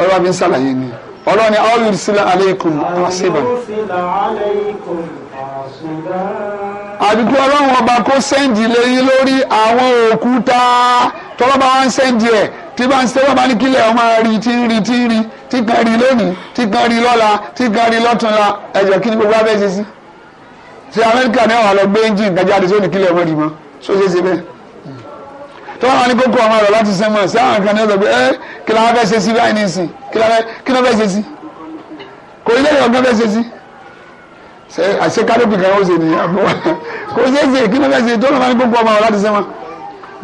ọlọ́run fi ń ṣàlàyé ni ọlọ́run ni all yursila aleikum asiban. àdìgbò ọlọ́run ọba kó sẹ́ǹdì lẹ́yìn lórí àwọn òkúta tọ́lọ́ba wá ń sẹ́ǹdì ẹ̀ tí bá ń ṣe wọ́n bá ní kílẹ̀ ọmọ rí tí ń rí tí ń rí tí kan rí lónìí tí kan rí lọ́la tí kan rí lọ́túnla ẹ̀jọ̀ kí ni gbogbo abẹ́ ṣe sí. ṣé amẹ́ríkà ní àwọn ọlọ́gbé engine kan jáde sóní kílẹ̀ ọmọ rí mọ́ ṣó ṣe ṣe bẹ́ẹ̀. tó wọn ní kókó ọmọ rẹ láti sẹ́mọ̀ sí àwọn kan ní ọ̀dọ̀ pé ẹ́ kí la fẹ́ ṣe sí báyìí nísìn kí la fẹ́ ṣe sí kò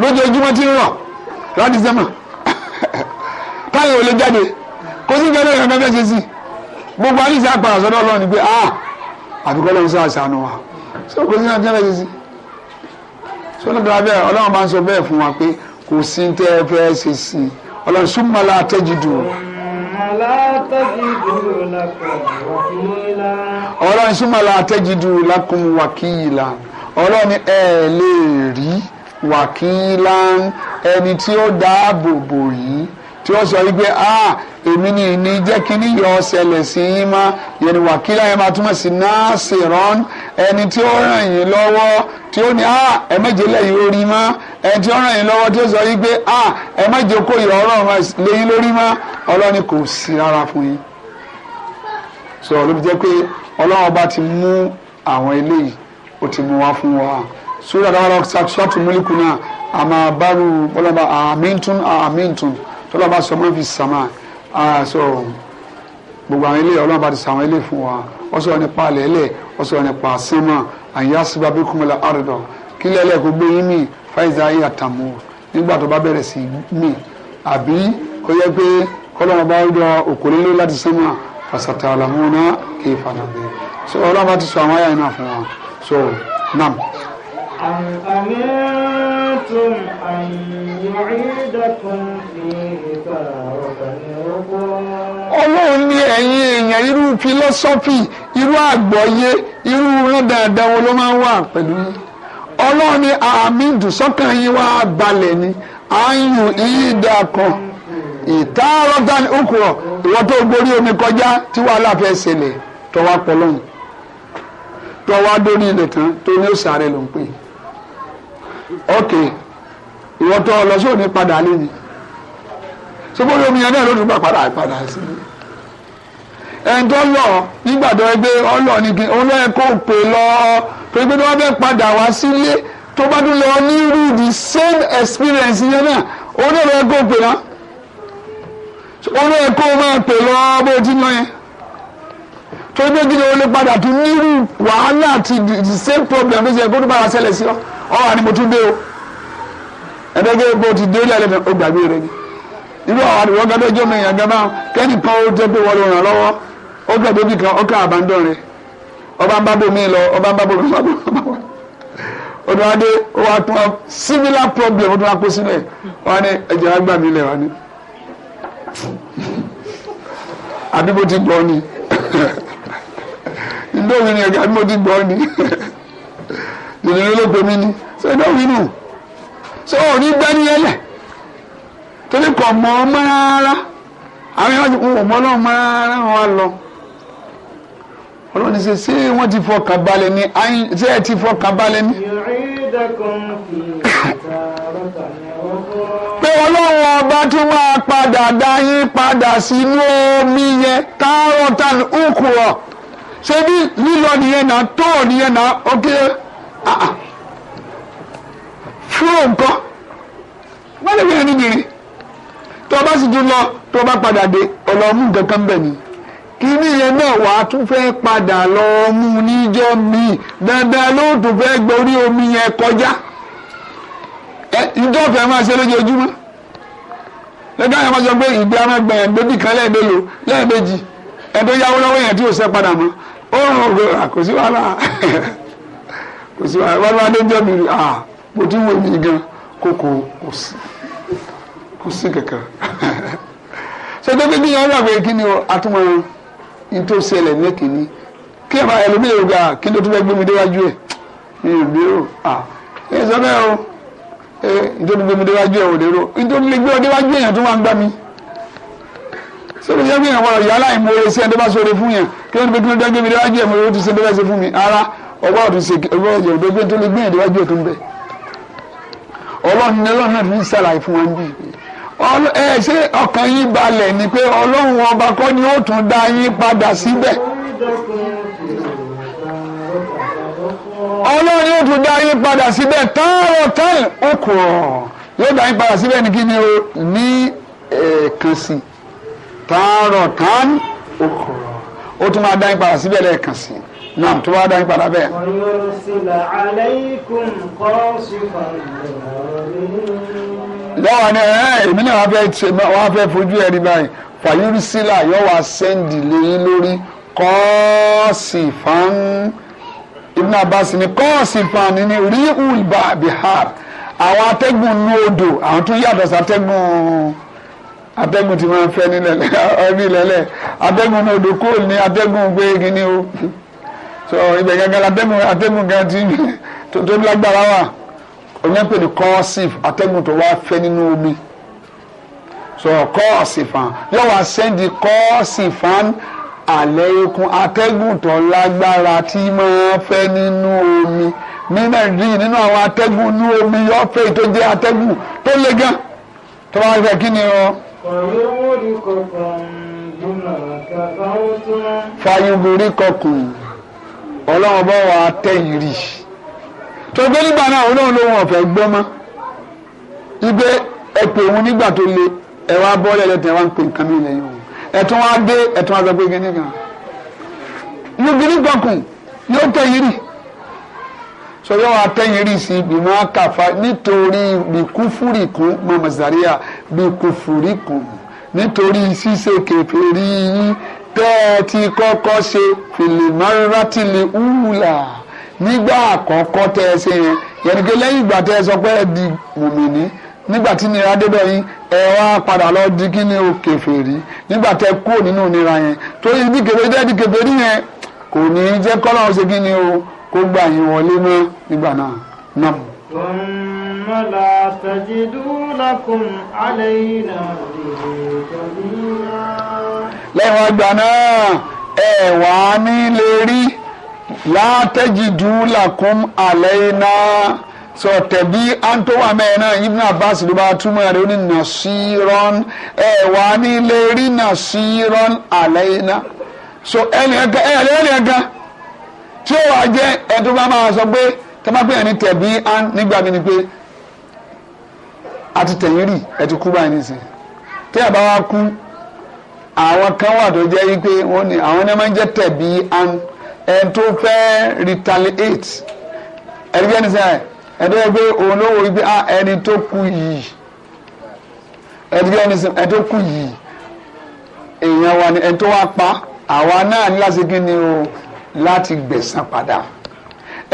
ní lójoojúmọ́ tí ń rọ̀ láti sẹ́mọ̀ táyà ò lè jáde kò sí ìjọba ìrìn àgbẹ̀ ṣe sí gbogbo àdìsí àpàrà sọ́dọ̀ Ọlọ́run ni pé ah àbíkọ́ lọ́run sọ àṣàánú wa so kò sí ìjọba ìrìn àgbẹ̀ ṣe sí so lọ́dọ̀ abẹ́ Ọlọ́run bá ń sọ bẹ́ẹ̀ fún wa pé kò sí tẹ́ ẹ fẹ́ ṣe sí Ọlọ́run súnmọ́ la tẹ́jú dùn ọlọ́run súnmọ́ la tẹ́jìdù lakum wàkìlà ọlọ́run ni ẹ lè rí wàkìlà ẹni tí ó dáàbò yìí tí ó sọ wípé ah, èmi ni ìní jẹ́ kíní yọ ṣẹlẹ̀ sí yín má yẹn wàkílà yẹn máa túmọ̀ sí náàsì rán ẹni tí ó ràn yín lọ́wọ́ tí ó ní a ah, ẹ méje lẹ́yìn orí má ẹni tí ó ràn yín lọ́wọ́ tí ó sọ wípé a ah, ẹ méje kó yọ ọlọ́run lẹ́yìn lórí má ọlọ́ni kò sí rárá fún yín sọ ló fi jẹ́ pé ọlọ́run ọba ti mú àwọn eléyìí ó ti mú wá fún wa sórí àdáwọ̀ ṣàtúnmúlìkù náà àmàbárù ọlọ́ba tọ́lọ́ bá sọ mọ́ fi sàmà àṣọ gbogbo àwọn ilé ọlọ́run bá ti sàwọn ilé fún wa ó sọ̀rọ̀ nípa àlẹ́lẹ̀ ó sọ̀rọ̀ nípa sẹ́mà àyà síba bí kúmọ̀lá àrùdọ̀ kí lẹ́lẹ̀ kó gbé yín mì fáìsà yìí àtàmú nígbà tó bá bẹ̀rẹ̀ sí mì àbí kó yẹ pé kọ́lọ́run bá yọ òkòlélé láti sẹ́mà fàṣàtà àlàmúná kì í fàdà so ọlọ́run bá ti sọ àwọn àyà yìí náà fún wa so nam. أم أمنتم أن يعيدكم فيه ọlọ́run ní ẹ̀yin èèyàn irú fílọ́sọ́fì irú àgbọ̀yé irú rẹ́dàdà wọn ló máa ń wà pẹ̀lú yín ọlọ́run ní àmì ìdùsọ́kàn yín wá balẹ̀ ni àyùn kan tó omi kọjá tí wàhálà fẹ́ ṣẹlẹ̀ pọ̀ lọ́hùn ok ìwọ tó lọ sí òní padà lé ni sọgbọ́n omi yẹn náà ló dùn gbà padà padà sí i ẹni tó lọ nígbà tó ẹgbẹ́ ọlọ́ ni kí ọlọ́ ẹ kó pè lọ tó ẹgbẹ́ tó wá fẹ́ padà wá sílé tó bá tún lọ ní irú the same experience yẹn náà ọlọ́ ẹ kó pè lọ ọlọ́ ẹ kó máa pè lọ bó ti lọ yẹn tó dé kí ni o lè padà tún nírú wàhálà àti the same problem ló ṣe kó tó bára ṣẹlẹ̀ sí ọ ọ̀rọ̀ àni mo tún dé o ẹ̀ẹ́dẹ́gbẹ́ bó ti dé ilé ẹ̀lẹ́dẹ́ o gbàgbé rẹ ni irú àwọn àdìwọ́ gẹ́gẹ́ jọ́ mi yàn gẹ́gẹ́ kẹ́ni kan ó jẹ́ pé wọ́n ló ràn lọ́wọ́ ó gbàgbé bí kan ó ká àbándọ́ rẹ ọba ń bá bomi lọ ọba ń bá bomi lọ odòwádé ó wá tún wá similar problem ó tún wá kó sílẹ̀ wọ́n á ní ẹ̀jẹ̀ á gbà mí lẹ̀ wọ́n á ní àbí bó ti gbọ́ ni. ndị mi ni ẹ̀ka bí gbọ́ ni ìdílé ló pe ni so ní gbẹ́ ní ẹlẹ̀ torí kò mọ̀ ọ́ mọ́ rárá mọ́ wọn ti fọ balẹ̀ ni ẹ ti fọ balẹ̀ ni. pé ọba padà dá yín padà omi yẹn táwọn tán ń ṣé bí lílọ nìyẹn náà tó nìyẹn náà ok ah, ah. fúró nǹkan wọ́n lè fi hàn níbìrì tó o bá sì tún lọ tó o bá padà dé ọlọ́mú nǹkan kan bẹ̀ ni kíní yẹn náà wàá tún fẹ́ padà lọ mú níjọ́ míì dandan ló tún fẹ́ gborí omi yẹn kọjá ẹ ìjọ fẹ́ máa ṣe lójoojúmọ́ lẹ́gbẹ́ àwọn ọmọ sọ pé ìgbé amẹ́gbẹ̀ẹ́ bébì kan lẹ́ẹ̀mẹ́lò lẹ́ẹ̀mejì ẹ̀ tó yáwó lọ́wọ́ yẹn tí ò sẹ́ padà mọ́ òun ògbèrà kò sí wàhálà kò sí wàhálà wàhálà adéjọ́ mi ah mo ti wo mi gan kókó kò sí kò sí kankan sọdọ́ pé kíyàn wà pé kí ni atúmọ̀ ìtòsílẹ̀ mẹ́kìnní kí ẹ̀ máa ẹlòmíràn ògbà kí ló tún fẹ́ gbé mi déwájú ẹ̀ mi ò lérò ah ẹ sọ bẹ́ẹ̀ o ẹ ìtòsílẹ̀ gbé mi déwájú ẹ̀ ò lérò ìtòsílẹ̀ gbé mi déwájú ẹ̀yàn tó máa ń gbá mi sọ́dọ̀ yẹn gbìyànjú ọ̀rọ̀ yàrá ìmọ̀ọ́rẹ́ sí ẹni bá sọ̀rọ̀ fún yẹn kí wọ́n ti gbé dẹ́gbẹ́ mi déwájú ẹ̀ mo yóò ti ṣe déwájú fún mi ara ọgbà ọ̀tún ṣe ọgbà ọ̀yẹ̀ òdòdó tó lè gbìyànjú déwájú ẹ̀ tó ń bẹ̀. ọlọ́run ní ọlọ́run náà fi ń ṣàlàyé fún wọn bí. ẹ ṣé ọkàn yín balẹ̀ ni pé ọlọ́run ọba kọ́ ni ó tún dá yín padà síbẹ̀. ọlọ́run yóò tún dá yín padà síbẹ̀ táàrọ̀ táì ó kù yóò dá yín padà síbẹ̀ ní kí ni o ní ẹ̀ẹ̀kan sí i tààrọ̀ kan òkòrò ó tún máa dá yín padà síbẹ̀ lẹ́ẹ̀kan sí náà tó bá dá yín padà bẹ́ẹ̀. lọ́wọ́ ni èmi náà wá fẹ́ wá fẹ́ fojú ẹ̀rí báyìí fàyúrísílà yóò wá sẹ́ǹdì lẹ́yìn lórí kọ́ọ̀sì fún Ibn Abbas ni kọ́ọ̀sì fún ni rí ulba bihar àwọn atẹ́gùn nú odò àwọn tún yàtọ̀ sí atẹ́gùn atẹ́gùn ti máa ń fẹ́ nílẹ̀ ọbí lẹ́lẹ̀ atẹ́gùn náà odò kúrò ní atẹ́gùn gbé kínní o so ibẹ̀ gángan atẹ́gùn atẹ́gùn gan ti tó lágbára wà òyìn pè ní kọ́ọ̀sìf atẹ́gùn tó wá fẹ́ nínú omi so kọ́ọ̀sìfàn yóò wá sẹ́ndì kọ́ọ̀sìfàn àlẹ́ ikun atẹ́gùn tó lágbára tí máa fẹ́ nínú omi ní nàìjíríà nínú àwọn atẹ́gùn ní omi yọ̀ọ́fẹ́ tó jẹ́ atẹ́gùn tó le gan tó bá fẹ́ kí ni o fayiburi kọkùn ọlọ́run bá wà á tẹ̀yìn rì tó gbé nígbà náà ọlọ́run ló wọn ọ̀fẹ́ gbọ́ mọ́ ibẹ̀ ẹ̀pẹ̀ òun nígbà tó le ẹ̀ wá bọ́ lẹ́lẹ́tẹ̀ wá ń pè nǹkan mi lẹ́yìn òun ẹ̀tún wá dé ẹ̀tún wá gbọ́ gẹ́gẹ́ gan. yóò gbé nígbà kùn yóò tẹ̀yìn so yóò wá tẹ́yìn rí sí bí wọ́n kàfa nítorí bíkúfúrìkún mọ̀mọ́sàríà bíkúfúrìkún nítorí ṣíṣe kèfèrí yín tẹ́ ẹ ti kọ́kọ́ ṣe fìlìmọ́rátìlì húlà nígbà àkọ́kọ́ tẹ́ ẹ ṣe yẹn yẹnìkẹ́ lẹ́yìn ìgbà tẹ́ ẹ sọ pé ẹ di mùmìnì nígbà tí nira débẹ̀ yín ẹ wá padà lọ di kí ni o kèfèrí nígbà tẹ́ kúrò nínú nira yẹn torí bí kèfèrí dẹ́ di kèfèrí yẹn kò ní jẹ́ kọ́lọ́ọ̀ ṣe kí ni o kó gbà yín wọlé mọ́ nígbà náà náà. Thumma la tajidu lakum alayna lẹ́yìn ọgbà náà ẹ̀ wá ní lè rí látẹ́jìdú làkún àlẹ́yìnà sọ tẹ̀bí antowa mẹ́rin náà Ibn Abbas ló bá túmọ̀ rẹ̀ ó ní nàṣírọ́n ẹ̀ wá ní lè rí nàṣírọ́n àlẹ́yìnà so ẹnì ẹ̀ka ẹ̀ ẹ̀lẹ́yìn ẹ̀ka tí ó wà jẹ́ ẹ̀tọ́ bá máa sọ pé tọ́mọ́pẹ́ ẹni tẹ̀bí nígbà mi ni pé àti tẹ̀yìn rì ẹ̀ ti kú báyìí nìsín tí àbá wa kú àwọn kan wà tó jẹ́ wípé wọ́n ní àwọn náà máa ń jẹ́ tẹ̀bí ẹni tó fẹ́ retaliate ẹni jẹ́ nìsín ẹ̀ ẹni tó yẹ òun ló wò wípé ah, ẹni tó kú yìí ẹni jẹ́ nìsín ẹni tó kú yìí èèyàn wa ni ẹni tó wá pa àwa náà ní láti kí ni o láti gbẹ̀san padà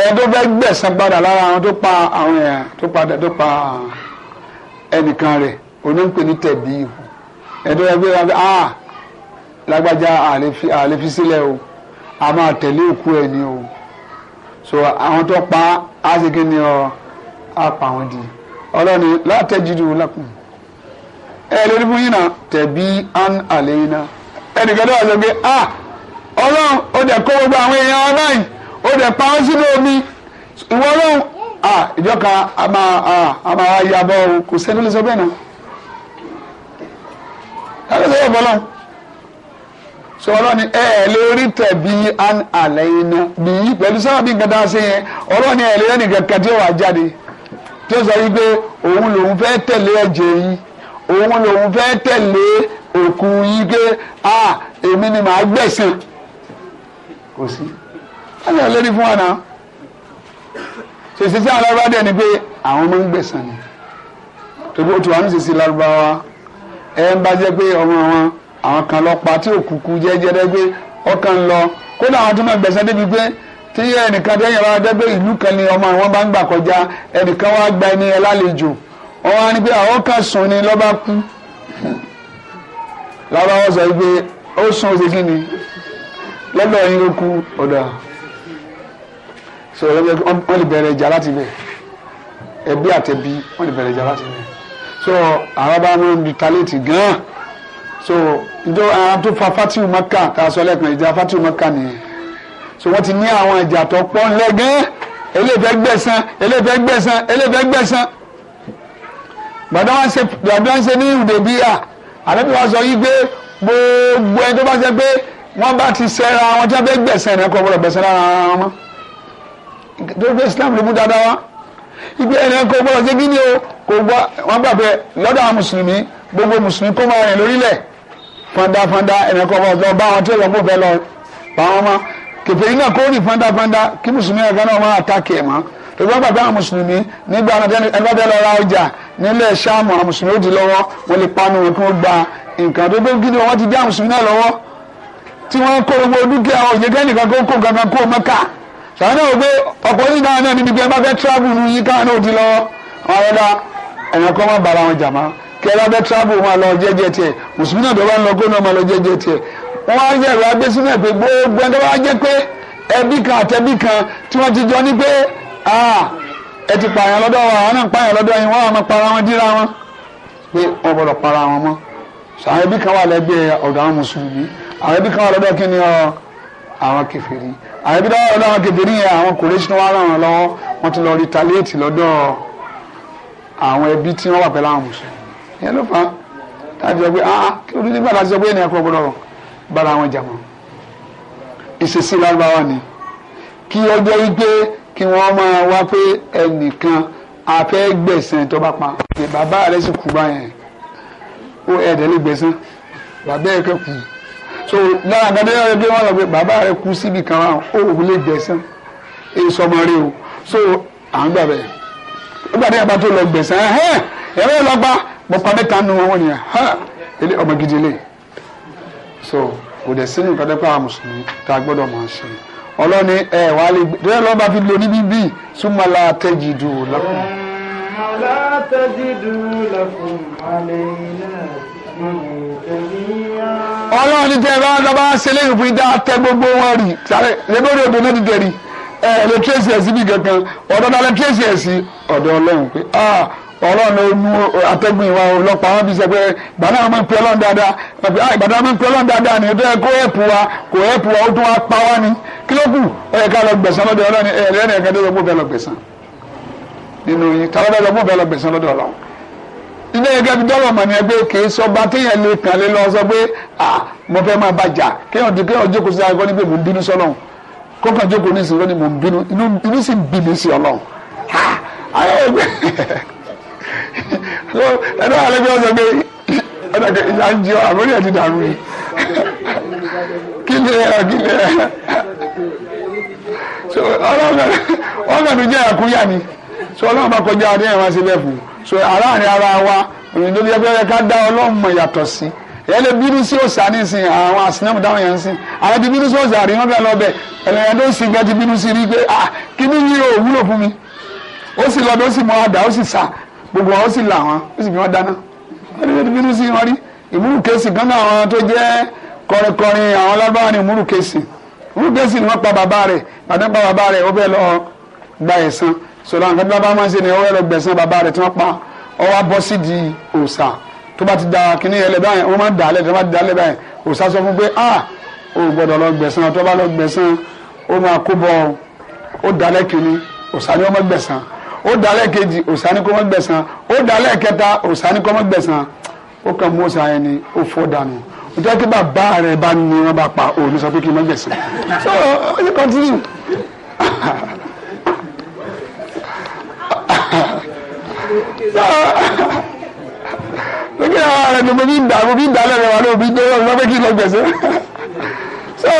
ẹni tó fẹ́ gbẹ̀san padà lára àwọn tó pa àwọn èèyàn tó padà tó pa ẹnìkan rẹ̀ onípe ní tẹ̀bí ìhù ẹni tó fẹ́ gbé wọn ah, a lágbájá àlè fi sílẹ̀ o a máa tẹ̀lé òkú ẹ̀ ni o so àwọn tó pa á ṣe kí ni ọ á pa wọn di ọlọ́ni látẹ̀jìdù lákùn ẹ lórí fún yín náà tẹ̀bí án àlè yín náà ẹnìkan tó wà sọ pé a. Ah, ọlọ́run o dẹ̀ kó gbogbo àwọn èèyàn ọ̀nà yìí ó dẹ̀ pa wọ́n sínú omi ìwọ ọlọ́run à ìjọka a máa a máa ya bọ́ o kò sẹ́ni lè sọ bẹ́ẹ̀ náà láti sọ yóò bọ́ lọ́run sọ ọlọ́run ni ẹ ẹ lórí tẹ̀ bí an àlẹ́ yìí náà bí yìí pẹ̀lú sábà nǹkan tá a ṣe yẹn ọlọ́run ni ẹ lè rẹ́nì kankan tí ó wà jáde tí ó sọ yìí pé òun lòun fẹ́ tẹ̀lé ẹ̀jẹ̀ yìí òun lòun fẹ́ tẹ̀lé òkú yìí pé à èmi ni màá gbẹ̀sìn kò sí ẹ̀sìn ọ̀lẹ́rìí fún wa náà ṣèṣì sí àwọn lárúbáwá dẹ̀ ni pé àwọn máa ń gbẹ̀sán ni torí ó ti wà ní ṣèṣì lárúbáwá ẹ̀ ń bá jẹ́ pé ọmọ wọn àwọn kan lọ pa tí òkùnkùn jẹ́jẹ́rẹ́ pé ọkàn lọ kódà àwọn tó máa gbẹ̀sán débi pé tí ẹnìkan dẹ́yìn wa dẹ́gbẹ́ ìlú kan ni ọmọ àwọn bá ń gbà kọjá ẹnìkan wá gba ẹni ẹ lálejò wọn wá ní pé àwọn kan sùn ni lọ́ba kú lábáwọ́ sọ pé ó sùn ó ṣe kí ni lọ́dọ̀ yín ló kú ọ̀dà so wọ́n lè bẹ̀rẹ̀ ìjà láti bẹ̀ ẹbí àtẹbí wọ́n lè bẹ̀rẹ̀ ìjà láti bẹ̀ so àwọn bá wọn bí talẹ́tì gan-an so ìjọ àwọn tó fa fatiu maka tá a sọ lẹ́ẹ̀kan ìjà fatiu maka nìyẹn so wọ́n ti ní àwọn ìjà tó pọ̀ ńlẹ́gẹ́ẹ́ eléfẹ́ gbẹ̀sán eléfẹ́ gbẹ̀sán eléfẹ́ gbẹ̀sán gbàdá wọn ṣe gbàdá wọn ṣe ní ìdèbíyà àdébíwá sọ yí pé gbogbo wọ́n bá ti sẹ́ra wọn tí wọ́n fẹ́ gbẹ̀sẹ̀ rẹ̀ kọ́ gbọ́dọ̀ gbẹ̀sẹ̀ lára ara wọn torí pé Islam ló mú dáadáa wá ibi ẹ̀rẹ̀ kọ́ gbọ́dọ̀ jẹ́ gíní o kò gbọ́ wọ́n gbà pé lọ́dọ̀ àwọn mùsùlùmí gbogbo mùsùlùmí kó máa rìn lórílẹ̀ fanda fanda ẹ̀rẹ̀ kọ́ gbọ́dọ̀ lọ bá wọn tí wọ́n fẹ́ lọ bá wọn mọ́ kèfèrí náà kó rìn fanda fanda kí mùsùlùmí ẹ̀ka náà máa àtàkì ẹ̀ mọ́ torí wọ́n gbà pé àwọn mùsùlùmí nígbà ẹgbẹ́ bẹ́ẹ̀ lọ ra ọjà nílẹ̀ sáàmù àwọn mùsùlùmí ó di lọ́wọ́ wọ́n lè panu wọn kí wọ́n gba nǹkan tó gbé gidi wọn ti dé àwọn mùsùlùmí náà tí wọ́n ń kó owó dúkìá òyìnká nìkan kó ń kó nǹkan kan kó mọ́ká sàwọn náà wò pé ọ̀pọ̀ yìí náà náà níbi bí ẹ bá fẹ́ tíráàbù nu yìí káwọn náà ti lọ àwọn ẹ̀dá ẹ̀yàn kọ́ má bàrà wọn jàmá kí ẹ bá fẹ́ tíráàbù lọ jẹ́jẹ́ tiẹ̀ mùsùlùmí náà tó bá lọ kó náà máa lọ jẹ́jẹ́ tiẹ̀ wọ́n á yẹ̀ wá gbé sínú ẹ̀ gbogbo ẹni tó bá jẹ́ pé ẹbí wa àwọn náà ń pààyàn lọ́dọ̀ yín wọ́n á máa para wọn díra wọn pé wọ́n gbọ́dọ̀ para wọn mọ́ sàwọn ẹbí kan wà àwọn ibi kan wà lọ́dọ̀ kí ni ọ àwọn kèfèrí àwọn ibi dáwọ́ lọ́dọ̀ àwọn kèfèrí yẹn àwọn kòrèṣì ni wọ́n ràn wọ́n lọ́wọ́ wọ́n ti lọ retaliate lọ́dọ̀ àwọn ẹbí tí wọ́n wà pẹ̀lú àwọn mùsùlùmí yẹn ló fà á láti sọ pé ah, ah kí ló dé nígbà láti sọ pé ènìyàn kọ́ gbọ́dọ̀ bára wọn jà mọ́ ìṣesí lágbára ni kí ọjọ́ wípé kí wọ́n máa wá pé ẹnìkan afẹ́ gbẹ̀sán tó bá pa bàbá rẹ̀ sì kú báyẹn ó ẹ̀ẹ́dẹ̀ bàbá ẹ̀ kẹ́kù so lára nǹkan tó yẹ kí wọ́n lọ pé bàbá rẹ kú síbi kan òun lè gbẹ̀sán èyí sọmọ rẹ o so à ń gbà bẹ́ẹ̀ nígbà tí yàrá tó lọ gbẹ̀sán ẹ̀ ẹ̀rọ yẹn lọ gbá pọpọ mẹ́ta nù wọn wọ̀nyẹn ha ilé ọmọ gidi lè so kò dẹ̀ sínú nǹkan tó pé àwọn mùsùlùmí tá a gbọ́dọ̀ máa ṣe ọlọ́ni ẹ̀ wà á lè gbé tẹ́lẹ̀ lọ́ba fi lo níbí bíi súnmọ́ la tẹ́jì dùn lápò. súnmọ́ tẹ́jì dùn lápò àlẹ́ náà ọlọ́run ti tẹ ẹ̀rọ ọ̀dọ́ bá ṣe lẹ́yìn fún ìdá tẹ gbogbo wọn rì sáré lébórí odò náà ti tẹ̀ rì ẹ̀ lè tírèsì ẹ̀sìn bí kankan ọ̀dọ́ náà lè ẹ̀sìn ọ̀dọ̀ ọlọ́run pé ah ọlọ́run ló mú atẹ́gùn ìwà ọlọ́pàá wọn bí sọ pé ìgbàdá wọn máa ń pe ọlọ́run dáadáa ìgbàdá wọn máa ń pe ọlọ́run dáadáa ni ètò ẹ̀ kó ẹ̀pù wa kò ẹ̀pù wa ó tún wá pa wá ni kí ló kù ó yẹ ká lọ gbẹ̀sán lọ́dọ̀ ọlọ́run ẹ̀rẹ́ ẹ̀rẹ́ ẹ̀ka tó yẹ bẹ́ẹ̀ lọ gbẹ̀sán nínú yín tàbí ọlọ́run bẹ́ẹ̀ lọ gbẹ̀sán lọ́dọ̀ ọlọ́run ilé gẹ́gẹ́ bí dọ́lọ̀ mọ̀ ní ẹgbẹ́ òkè sọba téèyàn lè kàn lé lọ sọ pé ah mo fẹ́ máa bàjá kéèyàn di kéèyàn jókòó sí àgọ́ níbi mò ń bínú sọ́nà kókàn jókòó ní ìsìnkú ni mò ń bínú inú sì ń bí mi sí ọlọ́run ayé ẹgbẹ́ ẹni wà lẹ́gbẹ́ ọ̀sẹ̀ pé ọ̀dàkẹ́ ìyá ń jẹ́ àbórí ẹ̀ ti dàrú ni kí ni ẹ kí ni ẹ ọlọ́run jẹ́ àkúyà ni ọlọ́run bá kọjá adé ẹ̀ so aláàrin ara wa òyìn tó yẹ ká dá ọlọ́run mọ̀ yàtọ̀ sí èyí lè bínú sí òòṣà nísìn àwọn àsìnàmù táwọn yẹn ń sìn àwọn ti bínú sí òòṣà rí wọn bẹ lọ bẹ ẹlẹyìn tó ń gbẹ ti bínú sí rí pé ah kí ni yìí ò wúlò fún mi ó sì lọ bẹ ó sì mọ àdá ó sì sà gbogbo wọn ó sì là wọn ó sì fi wọn dáná wọn ti bínú sí wọn rí ìmúrùkèsì kan náà àwọn tó jẹ́ kọrinkọrin àwọn lábáwọn ni ìmúrùkèsì ìmúrùkèsì ni wọn pa bàbá rẹ̀ bàtà pa bàbá rẹ̀ ó fẹ́ lọ gba ẹ̀san sọlá nǹkan tí bàbá máa ń ṣe ni ọwọ́ ẹ̀rọ gbẹ̀sán bàbá rẹ̀ tí wọ́n pa ọwọ́ abọ́ sí di òòṣà tó bá ti da kínní ẹlẹ́ báyẹn wọ́n máa dà á lẹ̀ tó bá ti da lẹ̀ báyẹn òòṣà sọ fún pé ah o gbọ́dọ̀ lọ gbẹ̀sán tó bá lọ gbẹ̀sán ó máa kó bọ ó dalẹ̀ kínní òòṣà ni wọ́n máa gbẹ̀sán ó dalẹ̀ kejì òòṣà ni kò máa gbẹ̀sán ó dalẹ̀ kẹta òòṣà ni kò máa gbẹ̀sán ó kàn mú òòṣà yẹn ni ó fọ́ dànù ìjọ kí bàbá rẹ̀ bá ní wọn bá pa òun ní sọ pé kí n má gbẹ̀sán so ó ti continue. lókè àwọn rẹ̀ ló fi dà mo fi dà lẹ́rẹ̀ wà ló fi dé ọ̀rọ̀ lọ́pẹ́ kí n lọ gbẹ̀sẹ̀ so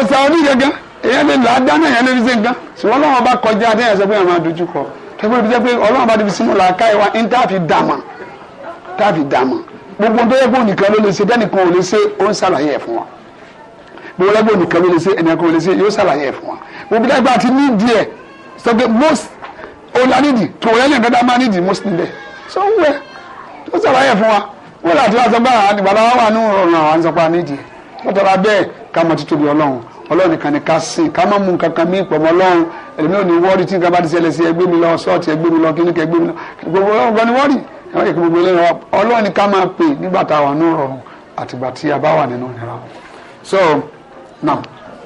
ọ̀sà oní gangan èyàn lè là á dáná èyàn lè fi ṣe nǹkan ṣùgbọ́n ọlọ́run ọba kọjá adéyàn sọ pé àwọn àdójú kọ tẹ́gbọ́n ibi jẹ́ pé ọlọ́run ọba ti fi làákà ìwà ní tá a fi dàmà tá a fi dàmà gbogbo tó yẹ kó nìkan ló lè ṣe dẹ́nìkan ò lè ṣe ó ń ṣàlàyé ẹ̀ fún wa gbogbo lẹ́gbọ̀n nìkan ló lè ṣe ẹnìkan ò lè ṣe yóò ṣàlàyé ẹ̀ fún wa gbogbo dẹ́gbà ti ní díẹ̀ sọ pé most ó la nídìí tó rẹ́ lè dọ́dá má nídìí mọ́sí níbẹ̀ so ń wẹ̀ tó sàlàyé fún wa wọ́n láti wá sọ báyà ní bàbá wa ní ọ̀rọ̀ àwọn àǹsọ̀pá nídìí wọ́n tọ́ra bẹ́ẹ̀ ká mọ títóbi ọlọ́run ọlọ́run nìkan ni ká sìn ká má mú nǹkan kan mí pọ̀ mọ́ ọlọ́run ẹ̀mí ò ní wọ́ọ̀rì tí nǹkan bá ti ṣẹlẹ̀ sí ẹgbẹ́ mi lọ sọ́ọ̀tì ẹgbẹ́ mi lọ kíníkà ẹgbẹ́ mi lọ gbogbo ọlọ́run ni wọ́ọ̀rì ẹ̀wọ́n yẹ kí gbogbo ẹlẹ́rìn ni ká máa pè nígbà tá a wà àtìgbà tí a bá wà nínú ìnira so now.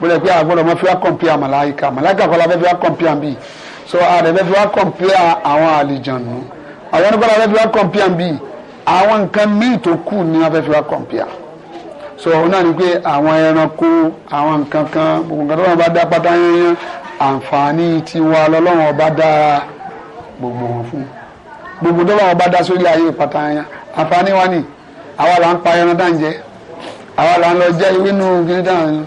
bóyá pé àgbọ̀dọ̀ mọ́ fi wá kọ̀m̀pìà màláìka màláìka kọ́ fẹ́ fi wá kọ̀m̀pìà bíi so ààrẹ fẹ́ fi wá kọ̀m̀pìà àwọn àlejànú àwọn ẹni kọ́ la fẹ́ fi wá kọ̀m̀pìà bíi àwọn nǹkan míì tó kù ni wọ́n fẹ́ fi wá kọ̀m̀pìà so òun náà ni pé àwọn ẹranko àwọn nǹkan kan gbogbo nǹkan tó wọn bá dá pátá yányán àǹfààní tiwa lọ́lọ́run ọba dá gbogbo wọn fún gbogbo tó wọn bá dá sórí ayé pátá yányán àǹfààní wa ni àwa là ń pa ẹran dáǹjẹ àwa là ń lọ jẹ ewé nù gírí dáǹjẹ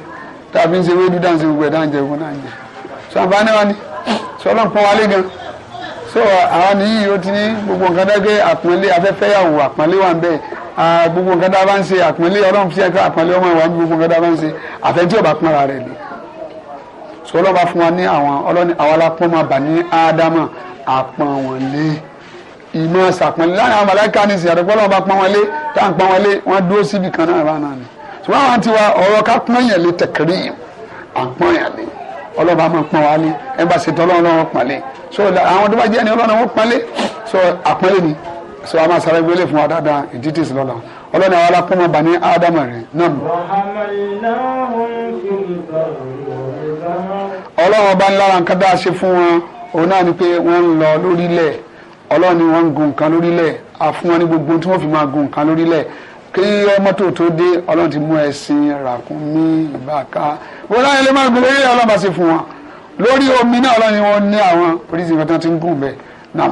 tàbí ń ṣe wédú dáhùn sí gbogbo ẹ̀ dáhùn jẹ gbogbo náà jẹ so àǹfààní wa ni so ọlọ́run pọ́n wa lé gan so àwọn nìyí ó ti ní gbogbo nǹkan dágbé àpọ́nlé afẹ́fẹ́ yàwó àpọ́nlé wà ń bẹ́ẹ̀ gbogbo nǹkan dá bá ń ṣe àpọ́nlé ọlọ́run fi ẹ̀ka àpọ́nlé ọmọ ìwà ní gbogbo nǹkan dá bá ń ṣe àfẹ́ntí ọba pọ́nra rẹ̀ ni so ọlọ́run bá fún wa ní àwọn ọlọ́ni àwọn alápọ́n máa bà ní ádámà àpọ́n wọn lé ìmọ̀ ṣàpọ́nlé láàrin àwọn màláìka ní ìsìn àdọ́gbọ́n ọlọ́run bá pọ́n wọn lé táà ń wọn lé wọ́n dúró síbì kan náà rà náà ni ṣùgbọ́n àwọn àti wa ọ̀rọ̀ ká pọ́n yàn lé tẹ̀kírí àpọ́n yàn lé ọlọ́ba máa pọ́n wa lé ẹ bá ṣètò ọlọ́run wọn pọ́n lé so àwọn tó bá jẹ́ ẹni ọlọ́run wọn pọ́n lé so àpọ́nlé ni so a máa sara gbélé fún wa dáadáa ìdítì sí lọ́la ọlọ́run àwọn alápọ̀mọ̀ bá ní ádámà rẹ̀ náà. ọlọ́run ọba ńlára nǹkan dáa ṣe fún wọn òun náà ni pé wọ́n ń lọ lórílẹ̀ ọlọ́run ni wọ́n ń gun nǹkan lórílẹ̀ a wọn ní gbogbo tí wọ́n fi máa gun nǹkan lórílẹ̀ kí mọ́tò tó dé ọlọ́run ti mú ẹṣin ràkúnmí ìbáka wọ́n láyé lè máa gbélé eré ọlọ́run bá ṣe fún wọn lórí omi náà ọlọ́run ni wọ́n ní àwọn oríṣi nǹkan tí ń gùn bẹ́ẹ̀ náà.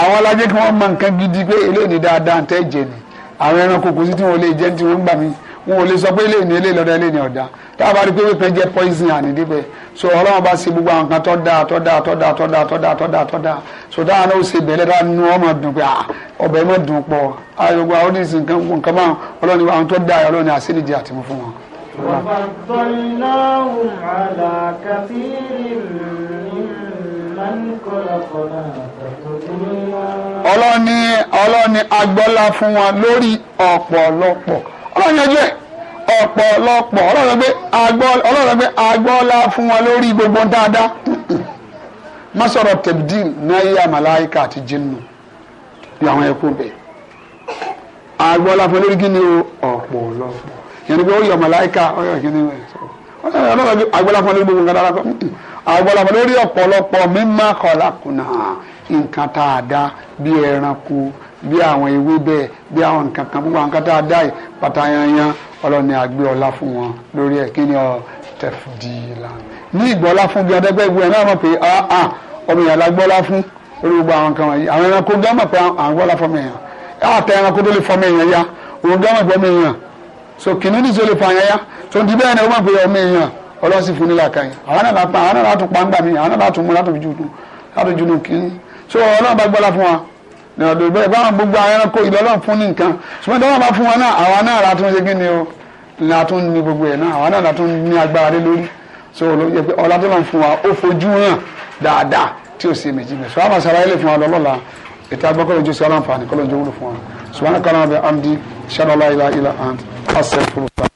àwọn alájẹ́ kí wọ́n mọ nǹkan gidi pé eléyìí dáadáa ń tẹ́ jẹ ni àwọn ẹranko kò sí tí wọ́n lè jẹ́ tí wọ́n ń gbà mí wọn ò lè sọ pé eléyìí ni eléyìí lọ́dọ̀ eléyìí ni ọ̀dà tá a bá rí pé wípé jẹ́ poison ànídí bẹ́ẹ̀ so ọlọ́run bá ṣe gbogbo àwọn nǹkan tó dáa tó dáa tó dáa tó dáa tó dáa tó dáa tó dáa so dáa náà ó ṣe bẹ̀rẹ̀ dáa nu ọmọ dùn pé ah, ọbẹ̀ mọ̀ dùn pọ̀ ayọ̀gbọ́n àwọn oníṣìí nǹkan nǹkan máa ọlọ́run àwọn tó dáa ọlọ́run ni àṣíríjì àti mú fún wọn. ọlọ́ni ọlọ́ni agbọ́lá fún wọn lórí ọ̀pọ̀lọpọ̀ ọlọ́run yanjú ẹ̀ ọ̀pọ̀lọpọ̀ ọlọ́run gbé agbọ́ ọlọ́run gbé la fún wọn lórí gbogbo dáadáa má sọ̀rọ̀ tẹ̀bdìl náírà màláìka àti jinnu bí àwọn ẹ̀kú bẹ̀ agbọ́ la fún lórí kí ni o ọ̀pọ̀lọpọ̀ yẹn ni pé ó yọ màláìka ó yọ kí ni ọlọ́run la fún lórí gbogbo dáadáa agbọ́ la fún lórí ọ̀pọ̀lọpọ̀ mímá kọ̀ọ̀lá kùnà nǹkan tá a dá bí ẹranko bí àwọn ewébẹ̀ bí àwọn nǹkan kan gbogbo àwọn kan a dá yìí pátá yanyan ọlọ́run ni àgbẹ̀ ọlá fún wọn lórí ẹ̀ kí ni ọ tẹ̀fùdìlà ní ìgbọ́lá fún bí adẹ́gbẹ́ ìgbọ́ ẹ̀ náà mọ̀ pé ah, ah ọmọ ìyá lágbọ́lá fún lórí gbogbo àwọn nǹkan wọ̀nyí àwọn ẹranko gbọ́n mọ̀ pé àwọn gbọ́lá fọmọ èèyàn ẹ̀ àtẹ ẹranko tó lè fọmọ èèyàn ya òun gbọ́n mọ̀ pé ọmọ èèyàn so kìnìún nìṣó lè fààyàn ya so ń di bẹ́ẹ̀ ni ó mọ̀ pé ọmọ èèyàn ọlọ́sì fún nílà kan yìí àwọn náà lápá àwọn látún pa ńgbà mí àwọn náà látún mú látún jùlù látún jùlù kìnìún so ọlọ́run bá gbọ́lá fún wa ní ọdún bẹ́ẹ̀ báwọn gbogbo àwọn ẹranko ìlọ́lọ́run fún ní nǹkan ṣùgbọ́n tí wọ́n bá fún wọn náà àwa náà látún ṣe kí ni o látún ní gbogbo ẹ̀ náà àwa náà látún ní agbára lé lórí so ọlá tó lọ́n fún wa ó fojú hàn dáadáa tí ò sí méjì bẹ́ẹ̀ sọ́wọ́n àmàṣà aráyé lè fún wa lọ́lọ́la ètò agbọ́kọ̀ ojú sí aláǹfààní kọ́lọ́njọ́ wúlò fún wa amdi shadala ila ila and asẹ́